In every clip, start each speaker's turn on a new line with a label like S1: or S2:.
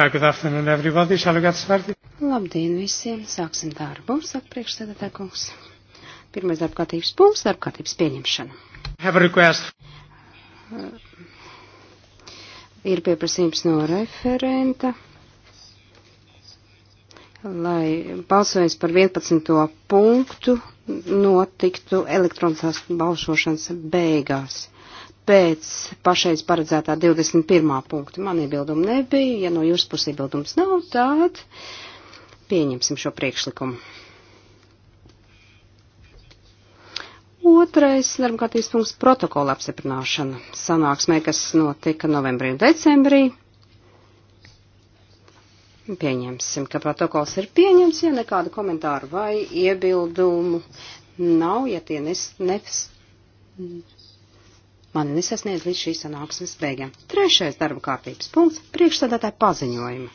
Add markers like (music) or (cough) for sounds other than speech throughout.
S1: Uh, good afternoon, everybody. Shall we get started?
S2: Labdien visiem! Sāksim darbu, saka priekšsēdētā kungs. Pirmais darba kārtības punkts - darba kārtības pieņemšana. Have a request. Uh, ir pieprasījums no referenta, lai balsojums par 11. punktu notiktu elektroniskās balsošanas beigās pēc pašreiz paredzētā 21. punkta. Man iebildumu nebija, ja no jūsu puses iebildums nav, tad pieņemsim šo priekšlikumu. Otrais darbkārtības punkts - protokola apstiprināšana. Sanāksmē, kas notika novembrī un decembrī. Pieņemsim, ka protokols ir pieņems, ja nekādu komentāru vai iebildumu nav, ja tie nes, nes, man nesasniedz līdz šīs sanāksmes beigām. Trešais darba kārtības punkts - priekšsēdētāja paziņojuma.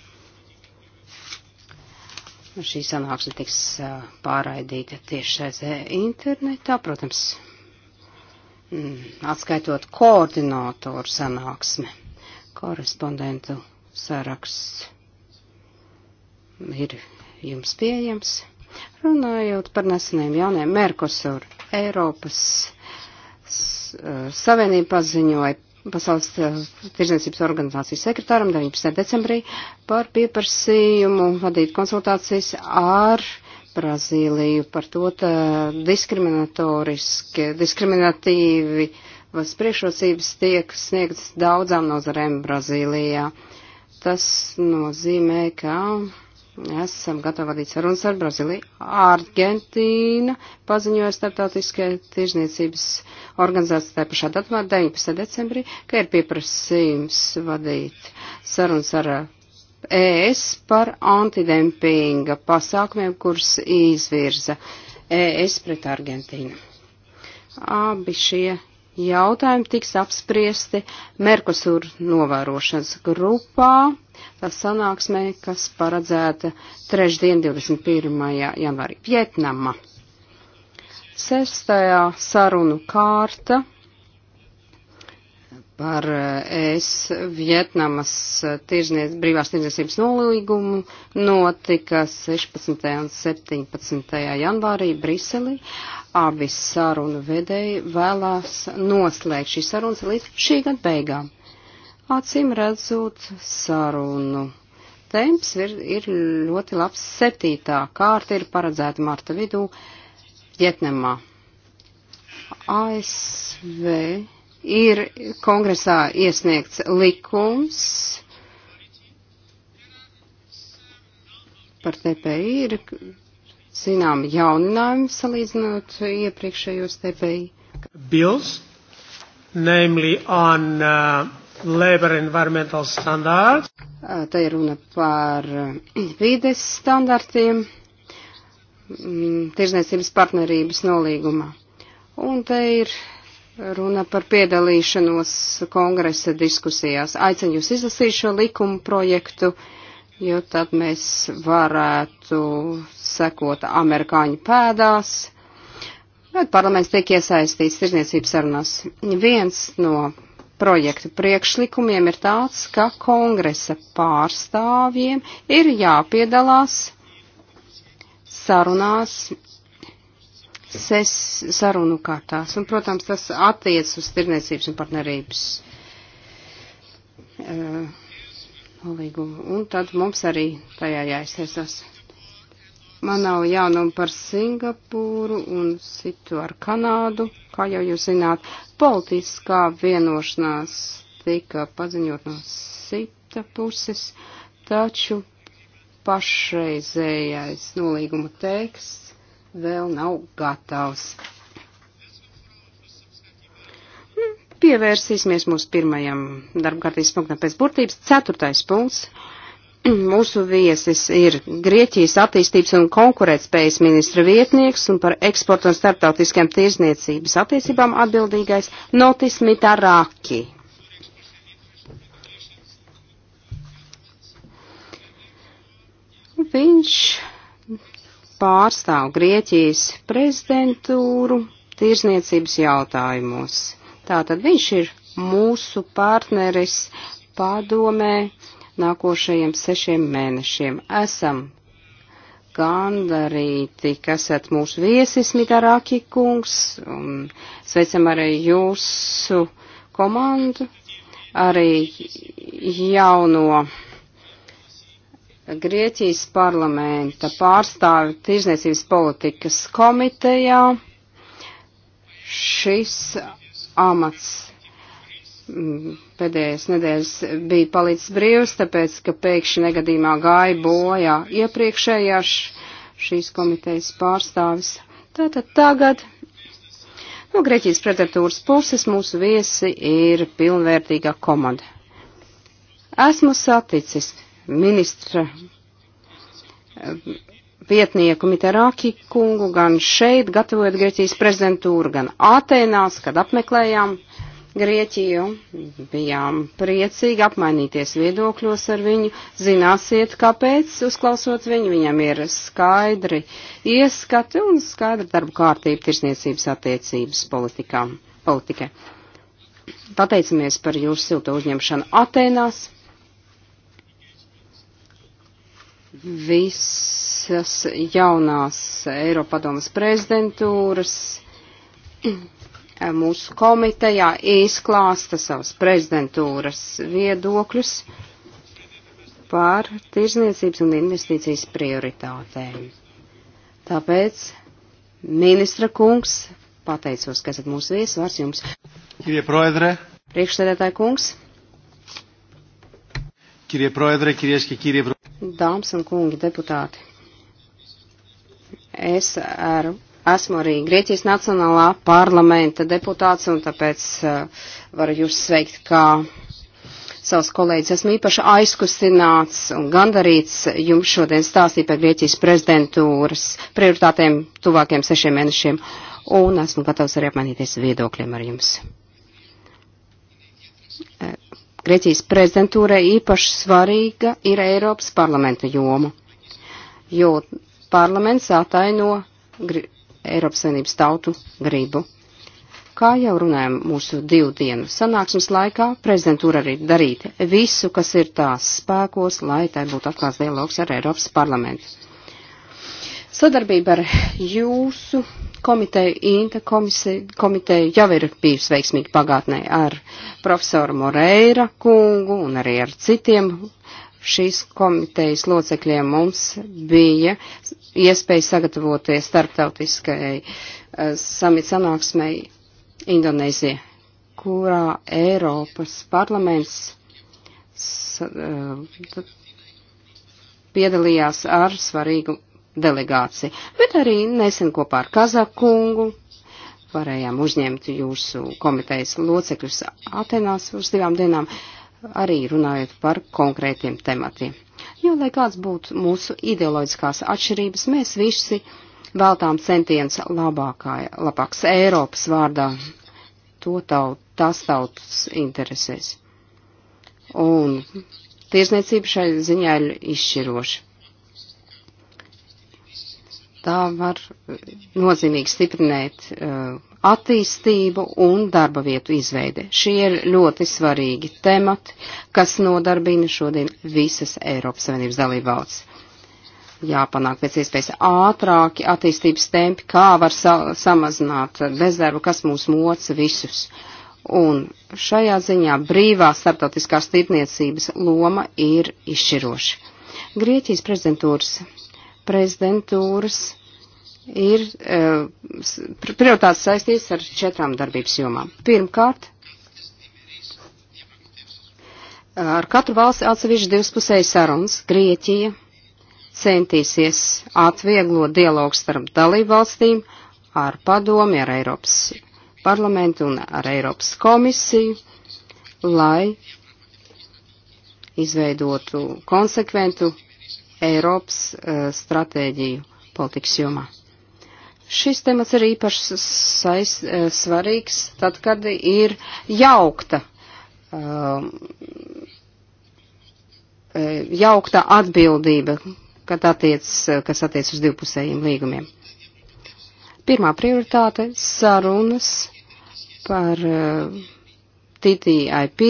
S2: Nu, šī sanāksme tiks pārraidīta tiešsaizē internetā, protams, mm, atskaitot koordinātoru sanāksmi, korespondentu saraksts ir jums pieejams. Runājot par neseniem jauniem Merkosur Eiropas Eh, Savienība paziņoja Pasaules eh, tirdzniecības organizācijas sekretāram 19. decembrī par pieprasījumu vadīt konsultācijas ar Brazīliju par to diskriminatoriski, diskriminatīvi vas priekšrocības tiek sniegtas daudzām nozarēm Brazīlijā. Tas nozīmē, ka Esam gatavi vadīt sarunas ar Brazīliju. Argentīna paziņoja starptautiskajai tirzniecības organizācijai tā pašā datumā, 19. decembrī, ka ir pieprasījums vadīt sarunas ar ES eh, e par antidempinga pasākumiem, kurus izvirza ES pret Argentīnu. Abi šie jautājumi tiks apspriesti Merkosur novērošanas grupā sanāksmē, kas paredzēta trešdien 21. janvārī Vietnama. Sestajā sarunu kārta par eh, es Vietnamas eh, tirzniec, brīvās tirzniecības nolīgumu notika 16. un 17. janvārī Briselī. Abi sarunu vedēji vēlās noslēgt šīs sarunas līdz šī gada beigām. Acīm redzot sarunu. Temps ir, ir ļoti labs. Septītā kārta ir paredzēta marta vidū Vietnamā. ASV ir kongresā iesniegts likums par TPI. Ir zinām jauninājumi salīdzinot iepriekšējos TPI. Bills, namely on uh, labor environmental standards. Te ir runa par (clears throat) vides standartiem mm, tirzniecības partnerības nolīgumā. Un te ir runa par piedalīšanos kongresa diskusijās. Aicinu jūs izlasīt šo likumu projektu, jo tad mēs varētu sekot amerikāņu pēdās. Bet parlaments tiek iesaistīts tirzniecības sarunās. Viens no projektu priekšlikumiem ir tāds, ka kongresa pārstāvjiem ir jāpiedalās sarunās, ses, sarunu kārtās. Un, protams, tas attiec uz tirniecības un partnerības uh, eh, līgumu. Un tad mums arī tajā jāizsēsās. Man nav jaunumu par Singapūru un citu ar Kanādu, kā jau jūs zināt. Politiskā vienošanās tika paziņot no sita puses, taču pašreizējais nolīguma teksts vēl nav gatavs. Nu, pievērsīsimies mūsu pirmajam darbkārtības punktam pēc burtības. Ceturtais punkts (clears throat) Mūsu viesis ir Grieķijas attīstības un konkurētspējas ministra vietnieks un par eksportu un starptautiskajām tirzniecības attiecībām atbildīgais Notis Mitarāki. Viņš pārstāv Grieķijas prezidentūru tirzniecības jautājumos. Tātad viņš ir mūsu partneris padomē nākošajiem sešiem mēnešiem. Esam gandarīti, ka esat mūsu viesis, Mitarāki kungs, un sveicam arī jūsu komandu, arī jauno Grieķijas parlamenta pārstāvi tirzniecības politikas komitejā. Šis amats pēdējais nedēļas bija palicis brīvs, tāpēc, ka pēkšņi negadījumā gāja bojā iepriekšējā šīs komitejas pārstāvis. Tātad tagad no Grieķijas pretatūras puses mūsu viesi ir pilnvērtīga komanda. Esmu saticis ministra eh, vietnieku Miterāki kungu gan šeit, gatavojot Grieķijas prezidentūru, gan Ātēnās, kad apmeklējām Grieķiju, bijām priecīgi apmainīties viedokļos ar viņu, zināsiet, kāpēc, uzklausot viņu, viņam ir skaidri ieskati un skaidra darba kārtība tirsniecības attiecības politikā, politikai. Pateicamies par jūsu silto uzņemšanu Atenās. Visas jaunās Eiropadomas prezidentūras mūsu komitejā izklāsta savas prezidentūras viedokļus par tirzniecības un investīcijas prioritātēm. Tāpēc, ministra kungs, pateicos, ka esat mūsu viesis, vārds jums. Kirie proedre. Priekšsēdētāji kungs.
S3: Kirie proedre, kirieši, ka kirie.
S2: Dāmas un kungi deputāti. Es ar Esmu arī Grieķijas Nacionālā parlamenta deputāts un tāpēc uh, varu jūs sveikt kā savus kolēģus. Esmu īpaši aizkustināts un gandarīts jums šodien stāstīt par Grieķijas prezidentūras prioritātēm tuvākiem sešiem mēnešiem un esmu gatavs arī apmainīties viedokļiem ar jums. Eh, Grieķijas prezidentūrai īpaši svarīga ir Eiropas parlamenta joma, jo parlaments ataino gri Eiropas Savienības tautu gribu. Kā jau runājam mūsu divu dienu sanāksmes laikā, prezidentūra arī darīt visu, kas ir tās spēkos, lai tai būtu atklāts dialogs ar Eiropas parlamentu. Sadarbība ar jūsu komiteju, INTA komiteju jau ir bijusi veiksmīga pagātnē ar profesoru Moreira kungu un arī ar citiem šīs komitejas locekļiem mums bija iespēju sagatavoties starptautiskai eh, samit sanāksmei Indonēzija, kurā Eiropas parlaments eh, piedalījās ar svarīgu delegāciju, bet arī nesen kopā ar Kazakungu varējām uzņemt jūsu komitejas locekļus Atenās uz divām dienām, arī runājot par konkrētiem tematiem. Jo, lai kāds būtu mūsu ideoloģiskās atšķirības, mēs visi veltām centiens labākai, labāks Eiropas vārdā. To taut, tas tautas interesēs. Un tiesniecība šai ziņā ir izšķiroša. Tā var nozīmīgi stiprinēt uh, attīstību un darba vietu izveide. Šie ir ļoti svarīgi temati, kas nodarbina šodien visas Eiropas Savienības dalībvalsts. Jāpanāk pēc iespējas ātrāki attīstības tempi, kā var sa samazināt bezdarbu, kas mūs moca visus. Un šajā ziņā brīvā starptautiskās tirtniecības loma ir izšķiroša. Grieķijas prezidentūras prezidentūras ir e, prioritātes saistīts ar četrām darbības jomām. Pirmkārt, ar katru valsti atsevišķi divspusēji sarunas Grieķija centīsies atvieglot dialogu starp dalību valstīm ar padomi, ar Eiropas parlamentu un ar Eiropas komisiju, lai izveidotu konsekventu Eiropas uh, stratēģiju politikas jomā. Šis temats ir īpaši sais, e, svarīgs tad, kad ir jaukta, um, e, jaukta atbildība, kad attiec, kas attiec uz divpusējiem līgumiem. Pirmā prioritāte - sarunas par uh, e, TTIP,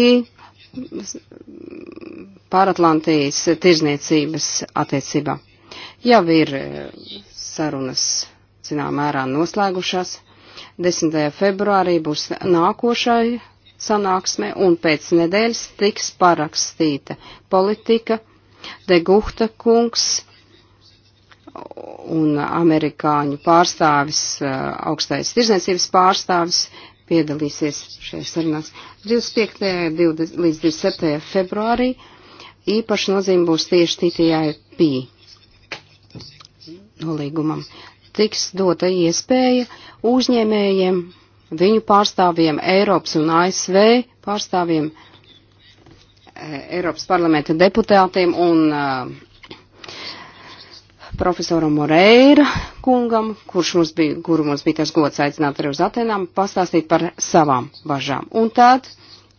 S2: pāratlantijas tirzniecības attiecībā. Jau ir sarunas zinām mērā noslēgušās. 10. februārī būs nākošai sanāksme un pēc nedēļas tiks parakstīta politika. De Guhta kungs un amerikāņu pārstāvis, augstais tirzniecības pārstāvis piedalīsies šajās sarunās. 25. 20, līdz 27. februārī īpaši nozīme būs tieši TTIP nolīgumam tiks dota iespēja uzņēmējiem, viņu pārstāvjiem, Eiropas un ASV pārstāvjiem, eh, Eiropas parlamenta deputātiem un eh, profesoram Moreira kungam, kurš mums bija, kuru mums bija tas gods aicināt arī uz Atenām, pastāstīt par savām bažām. Un tad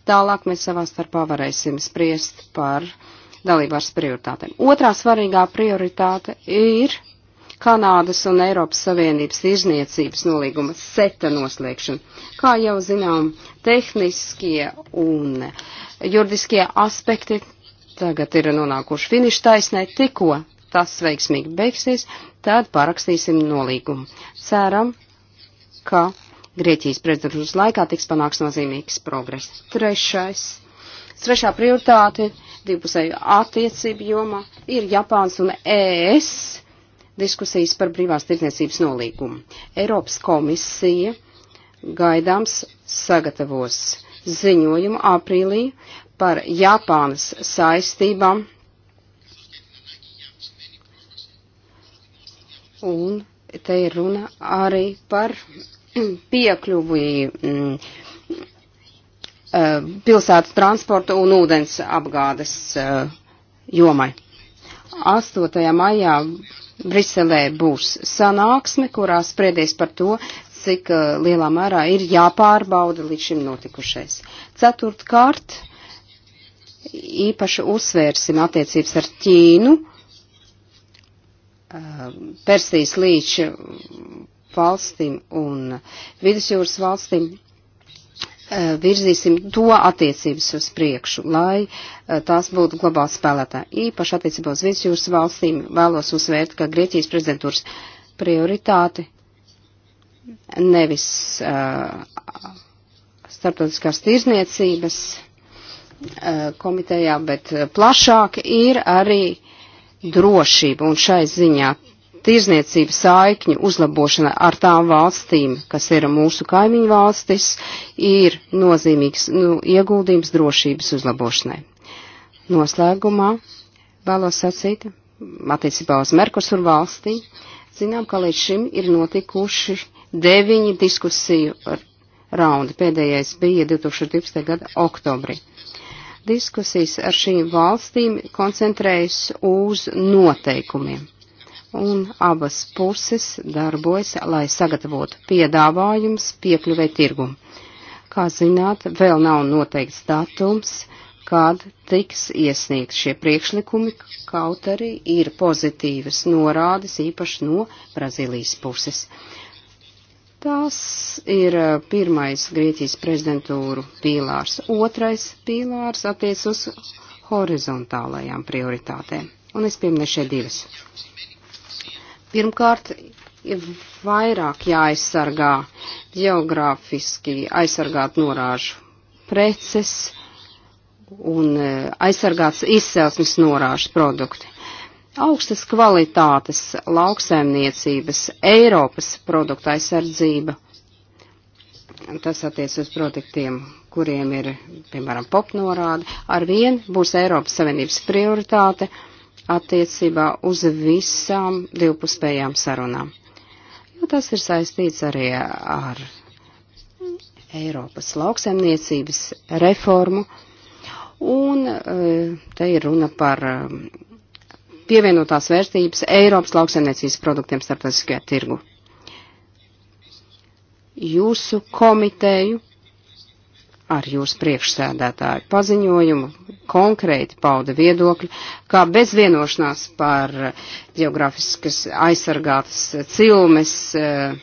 S2: tālāk mēs savā starpā varēsim spriest par dalībās prioritātēm. Otrā svarīgā prioritāte ir Kanādas un Eiropas Savienības tirzniecības nolīguma seta noslēgšanu. Kā jau zinām, tehniskie un juridiskie aspekti tagad ir nonākuši finiša taisnē, tikko tas veiksmīgi beigsies, tad parakstīsim nolīgumu. Ceram, ka Grieķijas prezidentūras laikā tiks panāks nozīmīgs progress. Trešais. Trešā prioritāte divpusēju attiecību jomā ir Japāns un ES diskusijas par brīvās tirdzniecības nolīgumu. Eiropas komisija gaidāms sagatavos ziņojumu aprīlī par Japānas saistībām un te ir runa arī par (clears throat) piekļuvi mm, eh, pilsētas transporta un ūdens apgādes eh, jomai. 8. maijā Briselē būs sanāksme, kurā spriedīs par to, cik uh, lielā mērā ir jāpārbauda līdz šim notikušais. Ceturtkārt, īpaši uzsvērsim attiecības ar Ķīnu, uh, Persijas līča valstīm un vidusjūras valstīm. Eh, virzīsim to attiecības uz priekšu, lai eh, tās būtu globāli spēlētā. Īpaši attiecībā uz vidusjūras valstīm vēlos uzsvērt, ka Grieķijas prezidentūras prioritāte nevis uh, starptautiskās tirzniecības uh, komitejā, bet plašāk ir arī drošība. Un šai ziņā tirzniecības saikņu uzlabošana ar tām valstīm, kas ir mūsu kaimiņu valstis, ir nozīmīgs nu, ieguldījums drošības uzlabošanai. Noslēgumā vēlos sacīt attiecībā uz Merkusur valstī. Zinām, ka līdz šim ir notikuši deviņi diskusiju raundi. Pēdējais bija 2012. gada oktobrī diskusijas ar šīm valstīm koncentrējas uz noteikumiem un abas puses darbojas, lai sagatavotu piedāvājums piekļuvē tirgumu. Kā zināt, vēl nav noteikts datums, kad tiks iesniegt šie priekšlikumi, kaut arī ir pozitīvas norādes, īpaši no Brazīlijas puses. Tas ir eh, pirmais Grieķijas prezidentūru pīlārs. Otrais pīlārs attiec uz horizontālajām prioritātēm. Un es pieminēšu šeit divas. Pirmkārt, ir vairāk jāaizsargā geogrāfiski aizsargāt norāžu preces un e, aizsargāts izcelsmes norāžu produkti. Augstas kvalitātes lauksaimniecības Eiropas produkta aizsardzība. Tas attiec uz produktiem, kuriem ir, piemēram, popnorāde. Arvien būs Eiropas Savienības prioritāte. Uh, attiecībā uz visām divpuspējām sarunām. Jo tas ir saistīts arī ar Eiropas lauksaimniecības reformu, un eh, te ir runa par eh, pievienotās vērtības Eiropas lauksaimniecības produktiem starptautiskajā tirgu. Jūsu komiteju ar jūsu priekšsēdētāju paziņojumu konkrēti pauda viedokļi, kā bez vienošanās par geogrāfiskas aizsargātas cilmes eh,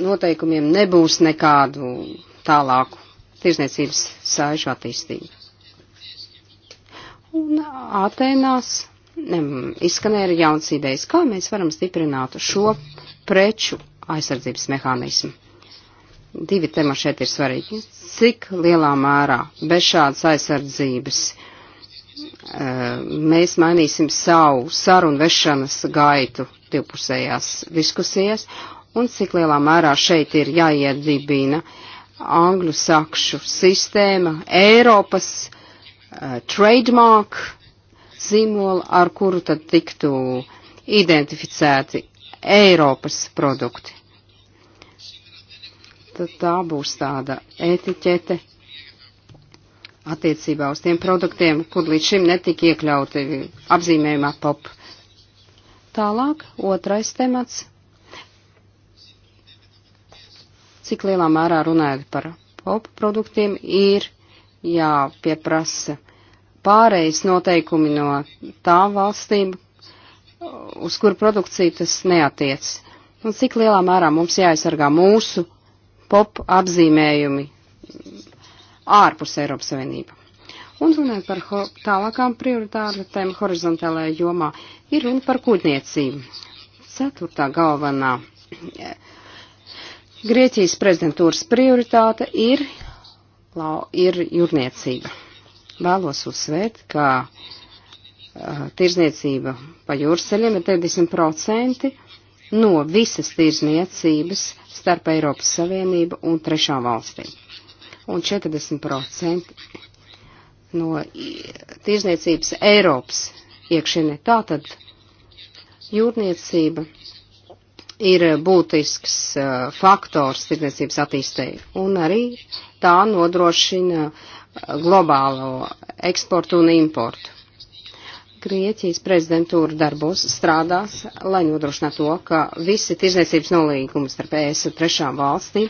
S2: noteikumiem nebūs nekādu tālāku tirsniecības sāžu attīstību. Un Ātēnās izskanēja arī jauns idejas, kā mēs varam stiprināt šo preču aizsardzības mehānismu. Divi tema šeit ir svarīgi. Cik lielā mērā bez šādas aizsardzības eh, mēs mainīsim savu sarunu vešanas gaitu divpusējās diskusijas un cik lielā mērā šeit ir jāiedibina angļu sakšu sistēma, Eiropas uh, trademark zīmola, ar kuru tad tiktu identificēti Eiropas produkti tad tā būs tāda etiķete attiecībā uz tiem produktiem, kur līdz šim netika iekļauti apzīmējumā pop. Tālāk, otrais temats. Cik lielā mērā runājot par pop produktiem, ir jāpieprasa pārejas noteikumi no tām valstīm, uz kuru produkciju tas neatiec. Un cik lielā mērā mums jāaizsargā mūsu pop apzīmējumi ārpus Eiropas Savienība. Un runājot par ho tālākām prioritātēm horizontālajā jomā, ir runa par kūtniecību. Ceturtā galvenā eh, Grieķijas prezidentūras prioritāte ir, lau, ir jūrniecība. Vēlos uzsvērt, ka uh, tirzniecība pa jūras ceļiem ir 90% no visas tirzniecības starp Eiropas Savienību un trešām valstīm. Un 40% no tirzniecības Eiropas iekšienē. Tātad jūrniecība ir būtisks uh, faktors tirdzniecības attīstēji, un arī tā nodrošina uh, globālo eksportu un importu. Grieķijas prezidentūra darbos strādās, lai nodrošinātu to, ka visi tirzniecības nolīgumi starp ES un trešām valstīm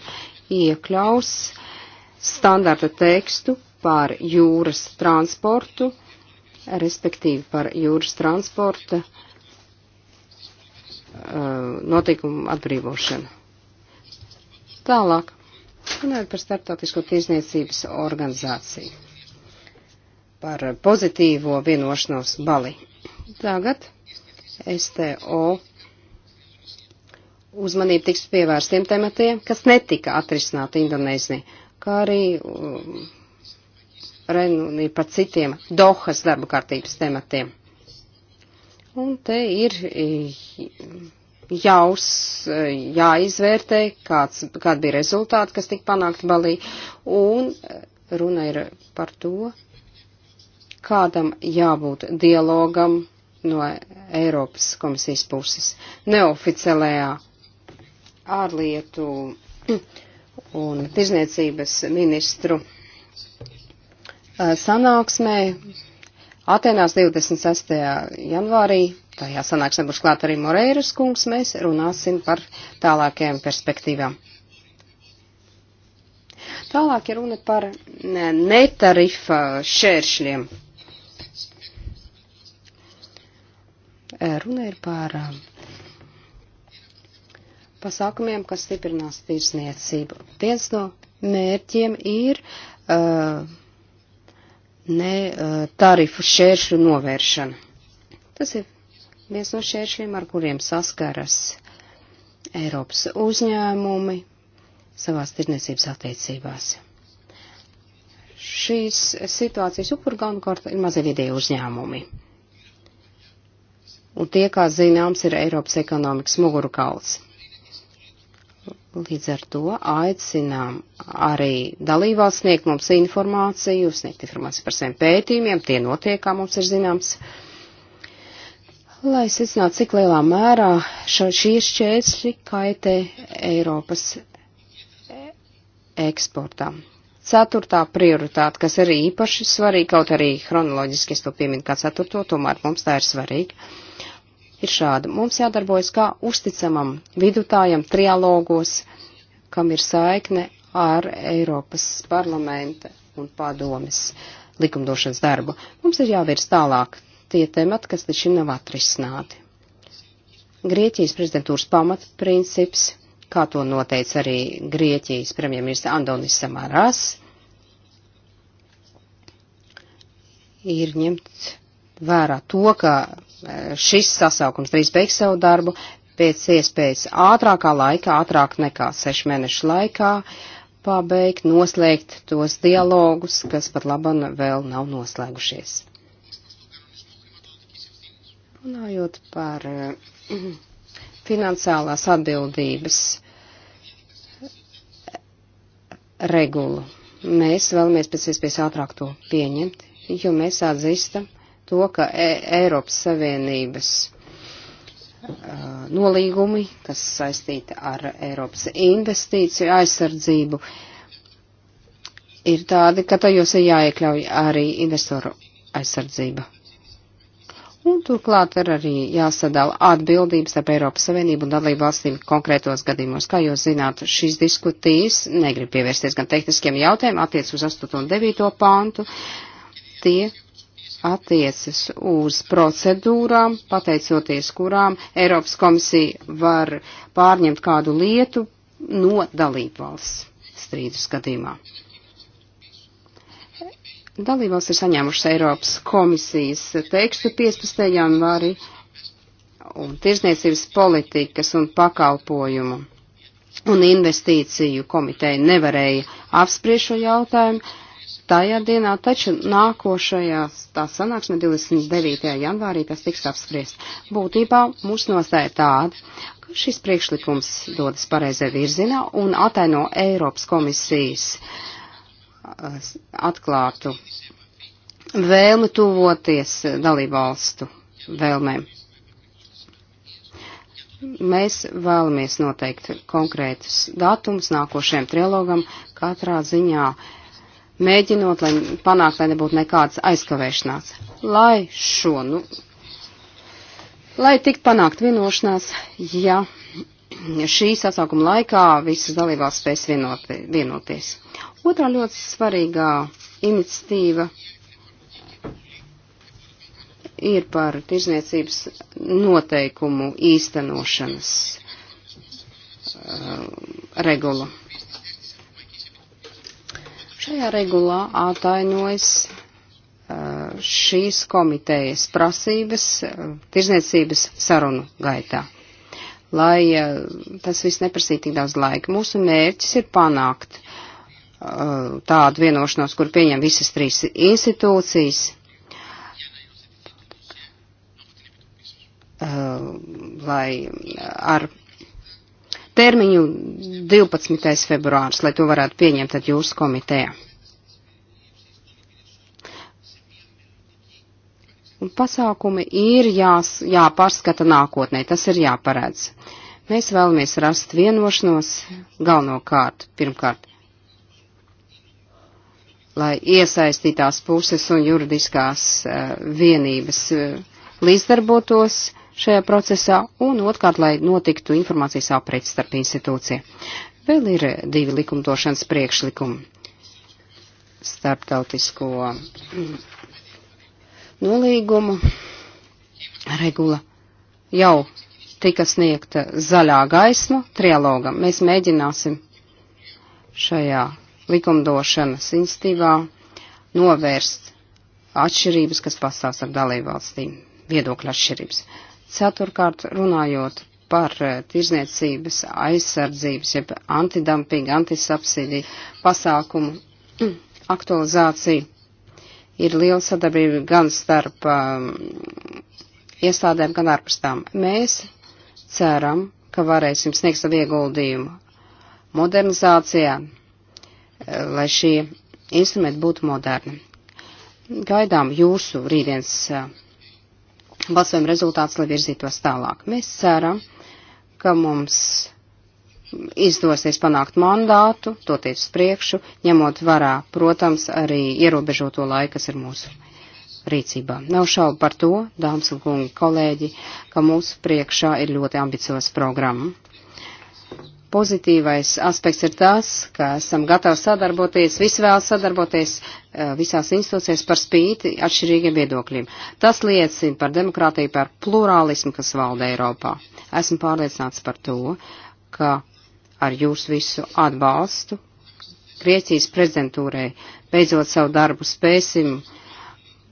S2: iekļaus standarta tekstu par jūras transportu, respektīvi par jūras transporta uh, notikumu atbrīvošanu. Tālāk, runājot par starptautisko tirzniecības organizāciju par pozitīvo vienošanos Bali. Tagad STO uzmanība tiks pievērstiem tematiem, kas netika atrisināti Indonēzijā, kā arī um, Renunī par citiem Dohas darba kārtības tematiem. Un te ir jaus, jāizvērtē, kāds, kāda bija rezultāti, kas tika panākt Balī, un runa ir par to, kādam jābūt dialogam no Eiropas komisijas puses. Neoficiālajā ārlietu un tirzniecības ministru eh, sanāksmē Atenās 26. janvārī, tajā sanāksmē būs klāt arī Moreiras kungs, mēs runāsim par tālākajām perspektīvām. Tālāk ir runa par netarifa šēršļiem. Runa ir par um, pasākumiem, kas stiprinās tirsniecību. Viens no mērķiem ir uh, ne uh, tarifu šēršļu novēršana. Tas ir viens no šēršļiem, ar kuriem saskaras Eiropas uzņēmumi savās tirniecības attiecībās. Šīs situācijas upurgalvenokārt ir mazie vidēji uzņēmumi un tie, kā zināms, ir Eiropas ekonomikas mugurkauls. Līdz ar to aicinām arī dalībvalsts sniegt mums informāciju, sniegt informāciju par saviem pētījumiem, tie notiek, kā mums ir zināms. Lai secinātu, cik lielā mērā šie šķēršļi kaitē Eiropas eksportam. Ceturtā prioritāte, kas arī īpaši svarīga, kaut arī chronoloģiski es to pieminu kā ceturto, tomēr mums tā ir svarīga ir šāda. Mums jādarbojas kā uzticamam vidutājam trialogos, kam ir saikne ar Eiropas parlamenta un padomis likumdošanas darbu. Mums ir jāvirs tālāk tie temati, kas līdz šim nav atrisināti. Grieķijas prezidentūras pamatprincips, kā to noteica arī Grieķijas premjerministra Andonis Samaras, ir ņemt vērā to, ka šis sasaukums drīz beigs savu darbu pēc iespējas ātrākā laikā, ātrāk nekā sešu mēnešu laikā, pabeigt, noslēgt tos dialogus, kas pat laban vēl nav noslēgušies. Runājot par (clears throat) finansiālās atbildības regulu, mēs vēlamies pēc iespējas ātrāk to pieņemt, jo mēs atzīstam, to, ka e Eiropas Savienības nolīgumi, kas saistīti ar Eiropas investīciju aizsardzību, ir tādi, ka tajos ir jāiekļauj arī investoru aizsardzība. Un turklāt ir arī jāsadala atbildības ap Eiropas Savienību un dalību valstīm konkrētos gadījumos. Kā jūs zināt, šīs diskutīs negrib pievērsties gan tehniskiem jautājumiem attiec uz 8 un 9 pāntu. Tie attiecas uz procedūrām, pateicoties kurām Eiropas komisija var pārņemt kādu lietu no dalībvalsts strīdus gadījumā. Dalībvalsts ir saņēmušas Eiropas komisijas tekstu 15. janvāri un tirsniecības politikas un pakalpojumu un investīciju komiteja nevarēja apspriešo jautājumu tajā dienā, taču nākošajā tā sanāksmē 29. janvārī tas tiks apspriest. Būtībā mūsu nostāja tāda, ka šis priekšlikums dodas pareizē virzienā un ataino Eiropas komisijas eh, atklātu vēlmi tuvoties dalībvalstu vēlmēm. Mēs vēlamies noteikt konkrētus datumus nākošajam trilogam, katrā ziņā uh, mēģinot, lai panākt, lai nebūtu nekādas aizkavēšanās. Lai šo, nu, lai tikt panākt vienošanās, ja šī sasaukuma laikā visas dalībās spēs vienot, vienoties. Otrā ļoti svarīgā iniciatīva ir par tirzniecības noteikumu īstenošanas uh, regulu. Šajā regulā atainojas šīs komitejas prasības tirzniecības sarunu gaitā. Lai tas viss neprasītu tik daudz laika, mūsu mērķis ir panākt tādu vienošanos, kur pieņem visas trīs institūcijas, lai ar termiņu 12. februārs, lai to varētu pieņemt tad jūsu komitejā. Un pasākumi ir jās, jāpārskata nākotnē, tas ir jāparēdz. Mēs vēlamies rast vienošanos galvenokārt, pirmkārt, lai iesaistītās puses un juridiskās uh, vienības uh, līdzdarbotos šajā procesā, un otrkārt, lai notiktu informācijas aprits starp institūcijām. Vēl ir divi likumdošanas priekšlikumi starptautisko nolīgumu regula jau tika sniegta zaļā gaisma trialogam. Mēs mēģināsim šajā likumdošanas institīvā novērst atšķirības, kas pastāv ar dalībvalstīm, viedokļa atšķirības. Ceturkārt, runājot par eh, tirzniecības aizsardzības, jeb antidumpinga, antisubsidiju pasākumu (clears throat) aktualizāciju, ir liela sadarbība gan starp um, iestādēm, gan ārpus tām. Mēs ceram, ka varēsim sniegt savu ieguldījumu modernizācijā, eh, lai šie instrumenti būtu moderni. Gaidām jūsu rītdienas eh, balsojuma rezultāts, lai virzītos tālāk. Mēs ceram, ka mums izdosies panākt mandātu, toties priekšu, ņemot varā, protams, arī ierobežoto laiku, kas ir mūsu rīcībā. Nav šaubu par to, dāmas un kungi, kolēģi, ka mūsu priekšā ir ļoti ambiciozs programma. Pozitīvais aspekts ir tas, ka esam gatavi sadarboties, visi vēl sadarboties eh, visās institūcijās par spīti atšķirīgiem viedokļiem. Tas liecina par demokrātiju, par plurālismu, kas valda Eiropā. Esmu pārliecināts par to, ka ar jūsu visu atbalstu Grieķijas prezidentūrai beidzot savu darbu spēsim uh,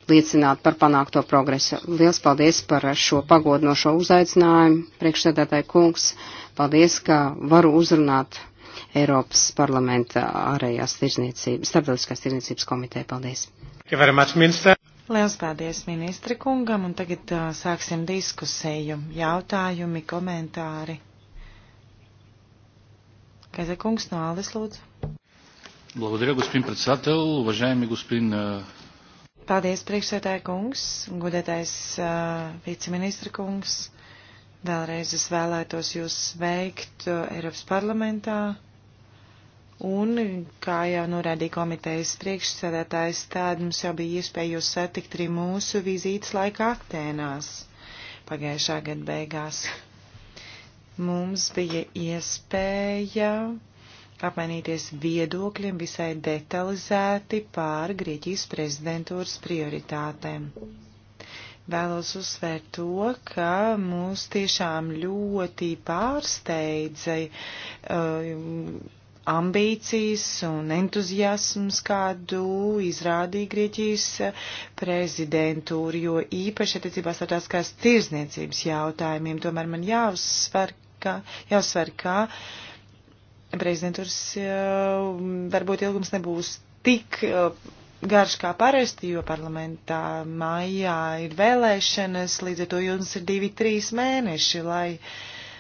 S2: liecināt par panākto progresu. Liels paldies par šo pagodinošo uzaicinājumu, priekšsēdētāji kungs. Paldies, ka varu uzrunāt Eiropas parlamenta ārējās tirzniecības, starptautiskās tirzniecības komiteja. Paldies.
S1: Liels paldies ministri kungam, un tagad uh, sāksim diskusēju. Jautājumi, komentāri. Каза Кунгс, но Алдес лудзо.
S3: Благодаря, господин председател. Уважаеми господин
S1: uh, Paldies, priekšsētāja kungs, godētais uh, viceministra kungs. Vēlreiz es vēlētos jūs sveikt Eiropas parlamentā. Un, kā jau norādīja komitejas priekšsēdētājs, tad mums jau bija iespēja jūs satikt arī mūsu vizītes laikā Aktēnās pagājušā gada beigās. Mums bija iespēja apmainīties viedokļiem visai detalizēti pār Grieķijas prezidentūras prioritātēm. Vēlos uzsvērt to, ka mūs tiešām ļoti pārsteidza uh, ambīcijas un entuziasms, kādu izrādīja Grieķijas prezidentūra, jo īpaši attiecībā starptautiskās tirzniecības jautājumiem. Tomēr man jāuzsver, ka, jāuzsver, ka uh, prezidentūras eh, varbūt ilgums nebūs tik eh, garš kā parasti, jo parlamentā maijā ir vēlēšanas, līdz ar to jums ir divi, trīs mēneši, lai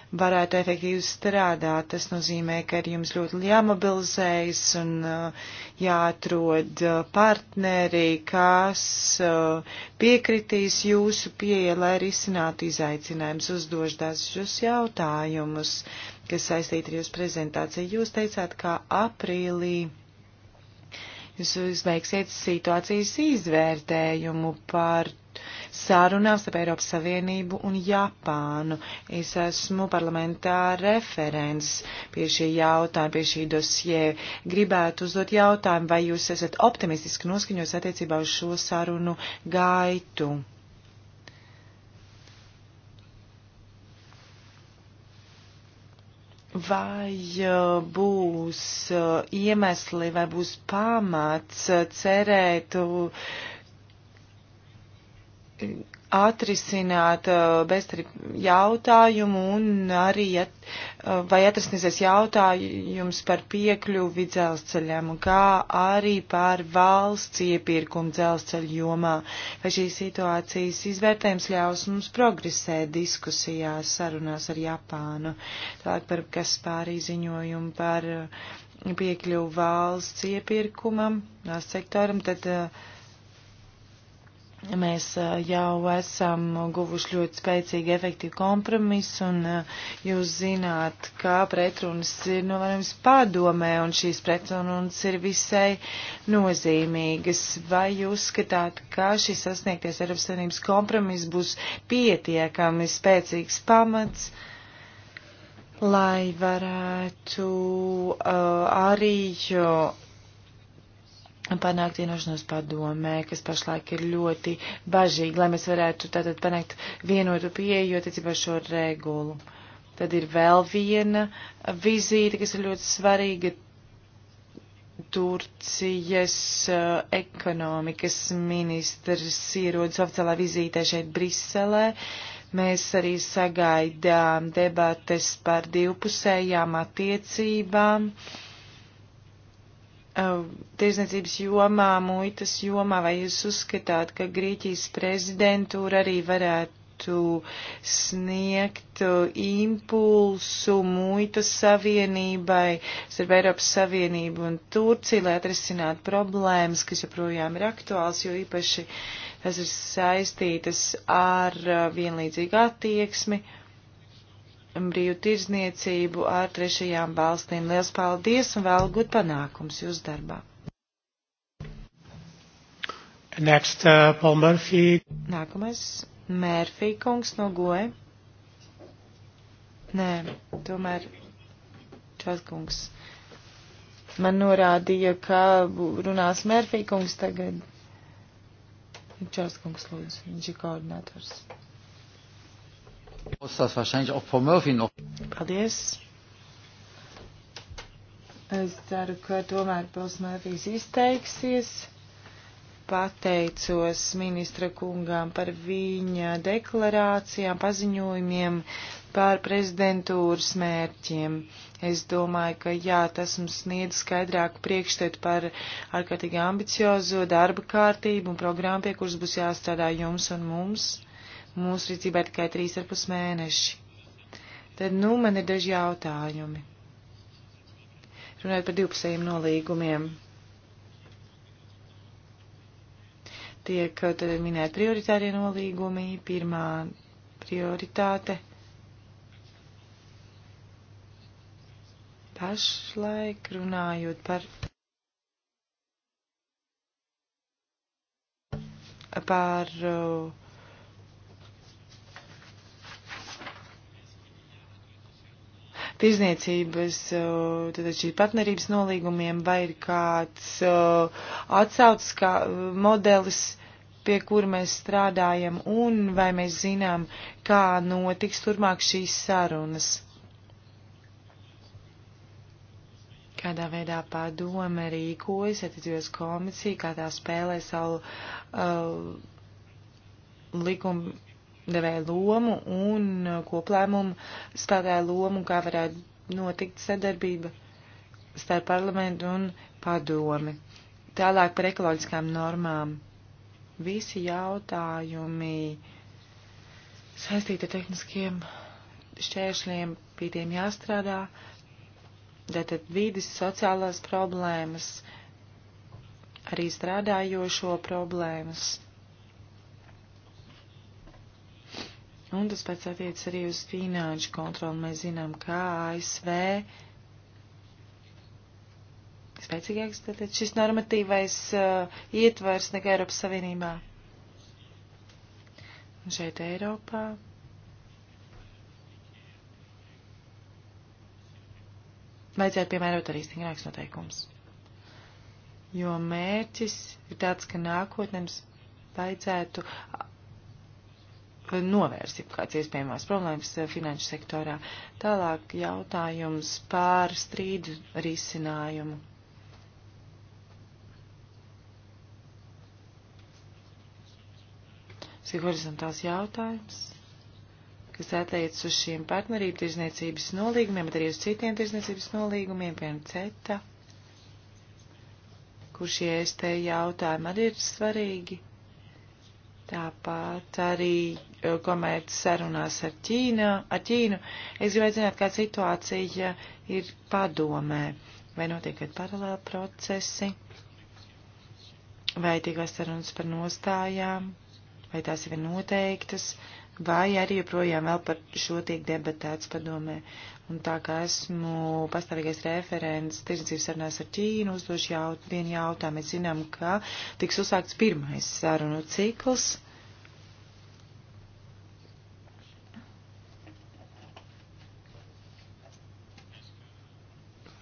S1: varētu efektīvi strādāt. Tas nozīmē, ka ir jums ļoti jāmobilizējas un eh, jāatrod partneri, kas piekritīs jūsu pieeja, lai risinātu izaicinājumus, uzdošdās šos jautājumus kas saistīta ar jūsu prezentāciju. Jūs teicāt, ka aprīlī jūs izbeigsiet situācijas izvērtējumu par sārunās ar Eiropas Savienību un Japānu. Es esmu parlamentā referents pie šī jautājuma, pie šī dosie. Gribētu uzdot jautājumu, vai jūs esat optimistiski noskaņos attiecībā uz šo sarunu gaitu? Vai uh, būs uh, iemesli, vai būs pamats uh, cerēt, atrisināt uh, bezdarību jautājumu un arī at, uh, vai atrisinīsies jautājums par piekļuvi dzelzceļam, kā arī par valsts iepirkumu dzelzceļu jomā. Vai šīs situācijas izvērtējums ļaus mums progresēt diskusijās, sarunās ar Japānu, tālāk par kas pārī ziņojumu par uh, piekļuvu valsts iepirkumam, valsts sektoram, tad uh, Mēs jau esam guvuši ļoti spēcīgi efektīvu kompromisu, un jūs zināt, kā pretrunas ir novērojams padomē, un šīs pretrunas ir visai nozīmīgas. Vai jūs skatāt, kā šis sasniegties Eiropas Savienības kompromiss būs pietiekami spēcīgs pamats, lai varētu uh, arī. Uh, panākt vienošanos padomē, kas pašlaik ir ļoti bažīgi, lai mēs varētu tātad panākt vienotu pieeju attiecībā šo regulu. Tad ir vēl viena vizīte, kas ir ļoti svarīga Turcijas uh, ekonomikas ministrs ierodas oficiālā vizītē šeit Briselē. Mēs arī sagaidām debates par divpusējām attiecībām. Uh, Uh, tirzniecības jomā, muitas jomā, vai jūs uzskatāt, ka Grieķijas prezidentūra arī varētu sniegt uh, impulsu muitas savienībai starp Eiropas Savienību un Turciju, lai atrisinātu problēmas, kas joprojām ir aktuāls, jo īpaši tas ir saistītas ar uh, vienlīdzīgu attieksmi. Uh, brīvu tirdzniecību ar trešajām valstīm. Liels paldies un vēl gut panākums jūsu darbā. Next, uh, Paul Murphy. Nākamais, Mērfī kungs no Goe. Nē, tomēr Čas kungs. Man norādīja, ka runās Mērfī kungs tagad. Čas kungs lūdzu, viņš ir koordinators.
S3: Paldies!
S1: Es ceru, ka tomēr Pils Mērfijs izteiksies. Pateicos ministra kungām par viņa deklarācijām, paziņojumiem par prezidentūras mērķiem. Es domāju, ka jā, tas mums sniedz skaidrāku priekšstatu par ārkārtīgi ambiciozo darba kārtību un programmu, pie kuras būs jāstrādā jums un mums mūsu rīcībā ir tikai trīs ar pus mēneši. Tad, nu, man ir daži jautājumi. Runājot par divpusējiem nolīgumiem. Tiek eh, tad minēt prioritārie nolīgumi, pirmā prioritāte. Pašlaik runājot par par uh, tirzniecības, tātad šī partnerības nolīgumiem, vai ir kāds atsaucas kā modelis, pie kura mēs strādājam, un vai mēs zinām, kā notiks turmāk šīs sarunas. kādā veidā padome rīkojas, attiecībās komisija, kā tā spēlē savu uh, likumu devēja lomu un uh, koplēmumu spēlēja lomu, kā varētu notikt sadarbība starp parlamentu un padomi. Tālāk par ekoloģiskām normām. Visi jautājumi saistīti ar tehniskiem šķēršļiem pie tiem jāstrādā, tātad vīdes sociālās problēmas, arī strādājošo problēmas Un tas pats attiec arī uz finanšu kontroli. Mēs zinām, kā ASV spēcīgāks tātad šis normatīvais uh, ietvars nekā Eiropas Savienībā. Un šeit Eiropā. Vajadzētu piemērot arī stingrāks noteikums. Jo mērķis ir tāds, ka nākotnē mums vajadzētu novērst kāds iespējamās problēmas eh, finanšu sektorā. Tālāk jautājums pār strīdu risinājumu. Tas ir horizontāls jautājums, kas attiecas uz šiem partnerību tirzniecības nolīgumiem, bet arī uz citiem tirzniecības nolīgumiem, piemēram, CETA, kur šie ST jautājumi arī ir svarīgi Tāpat arī eh, komērts sarunās ar Ķīnu, ar Ķīnu. Es gribētu zināt, kā situācija ir padomē. Vai notiek paralēli procesi? Vai tikai sarunas par nostājām? Vai tās jau ir noteiktas? vai arī joprojām vēl par šo tiek debatēts padomē. Un tā kā esmu pastāvīgais referents tirdzības sarunās ar Ķīnu, uzdošu jaut, vienu jautājumu. Mēs zinām, ka tiks uzsākts pirmais sarunu cikls.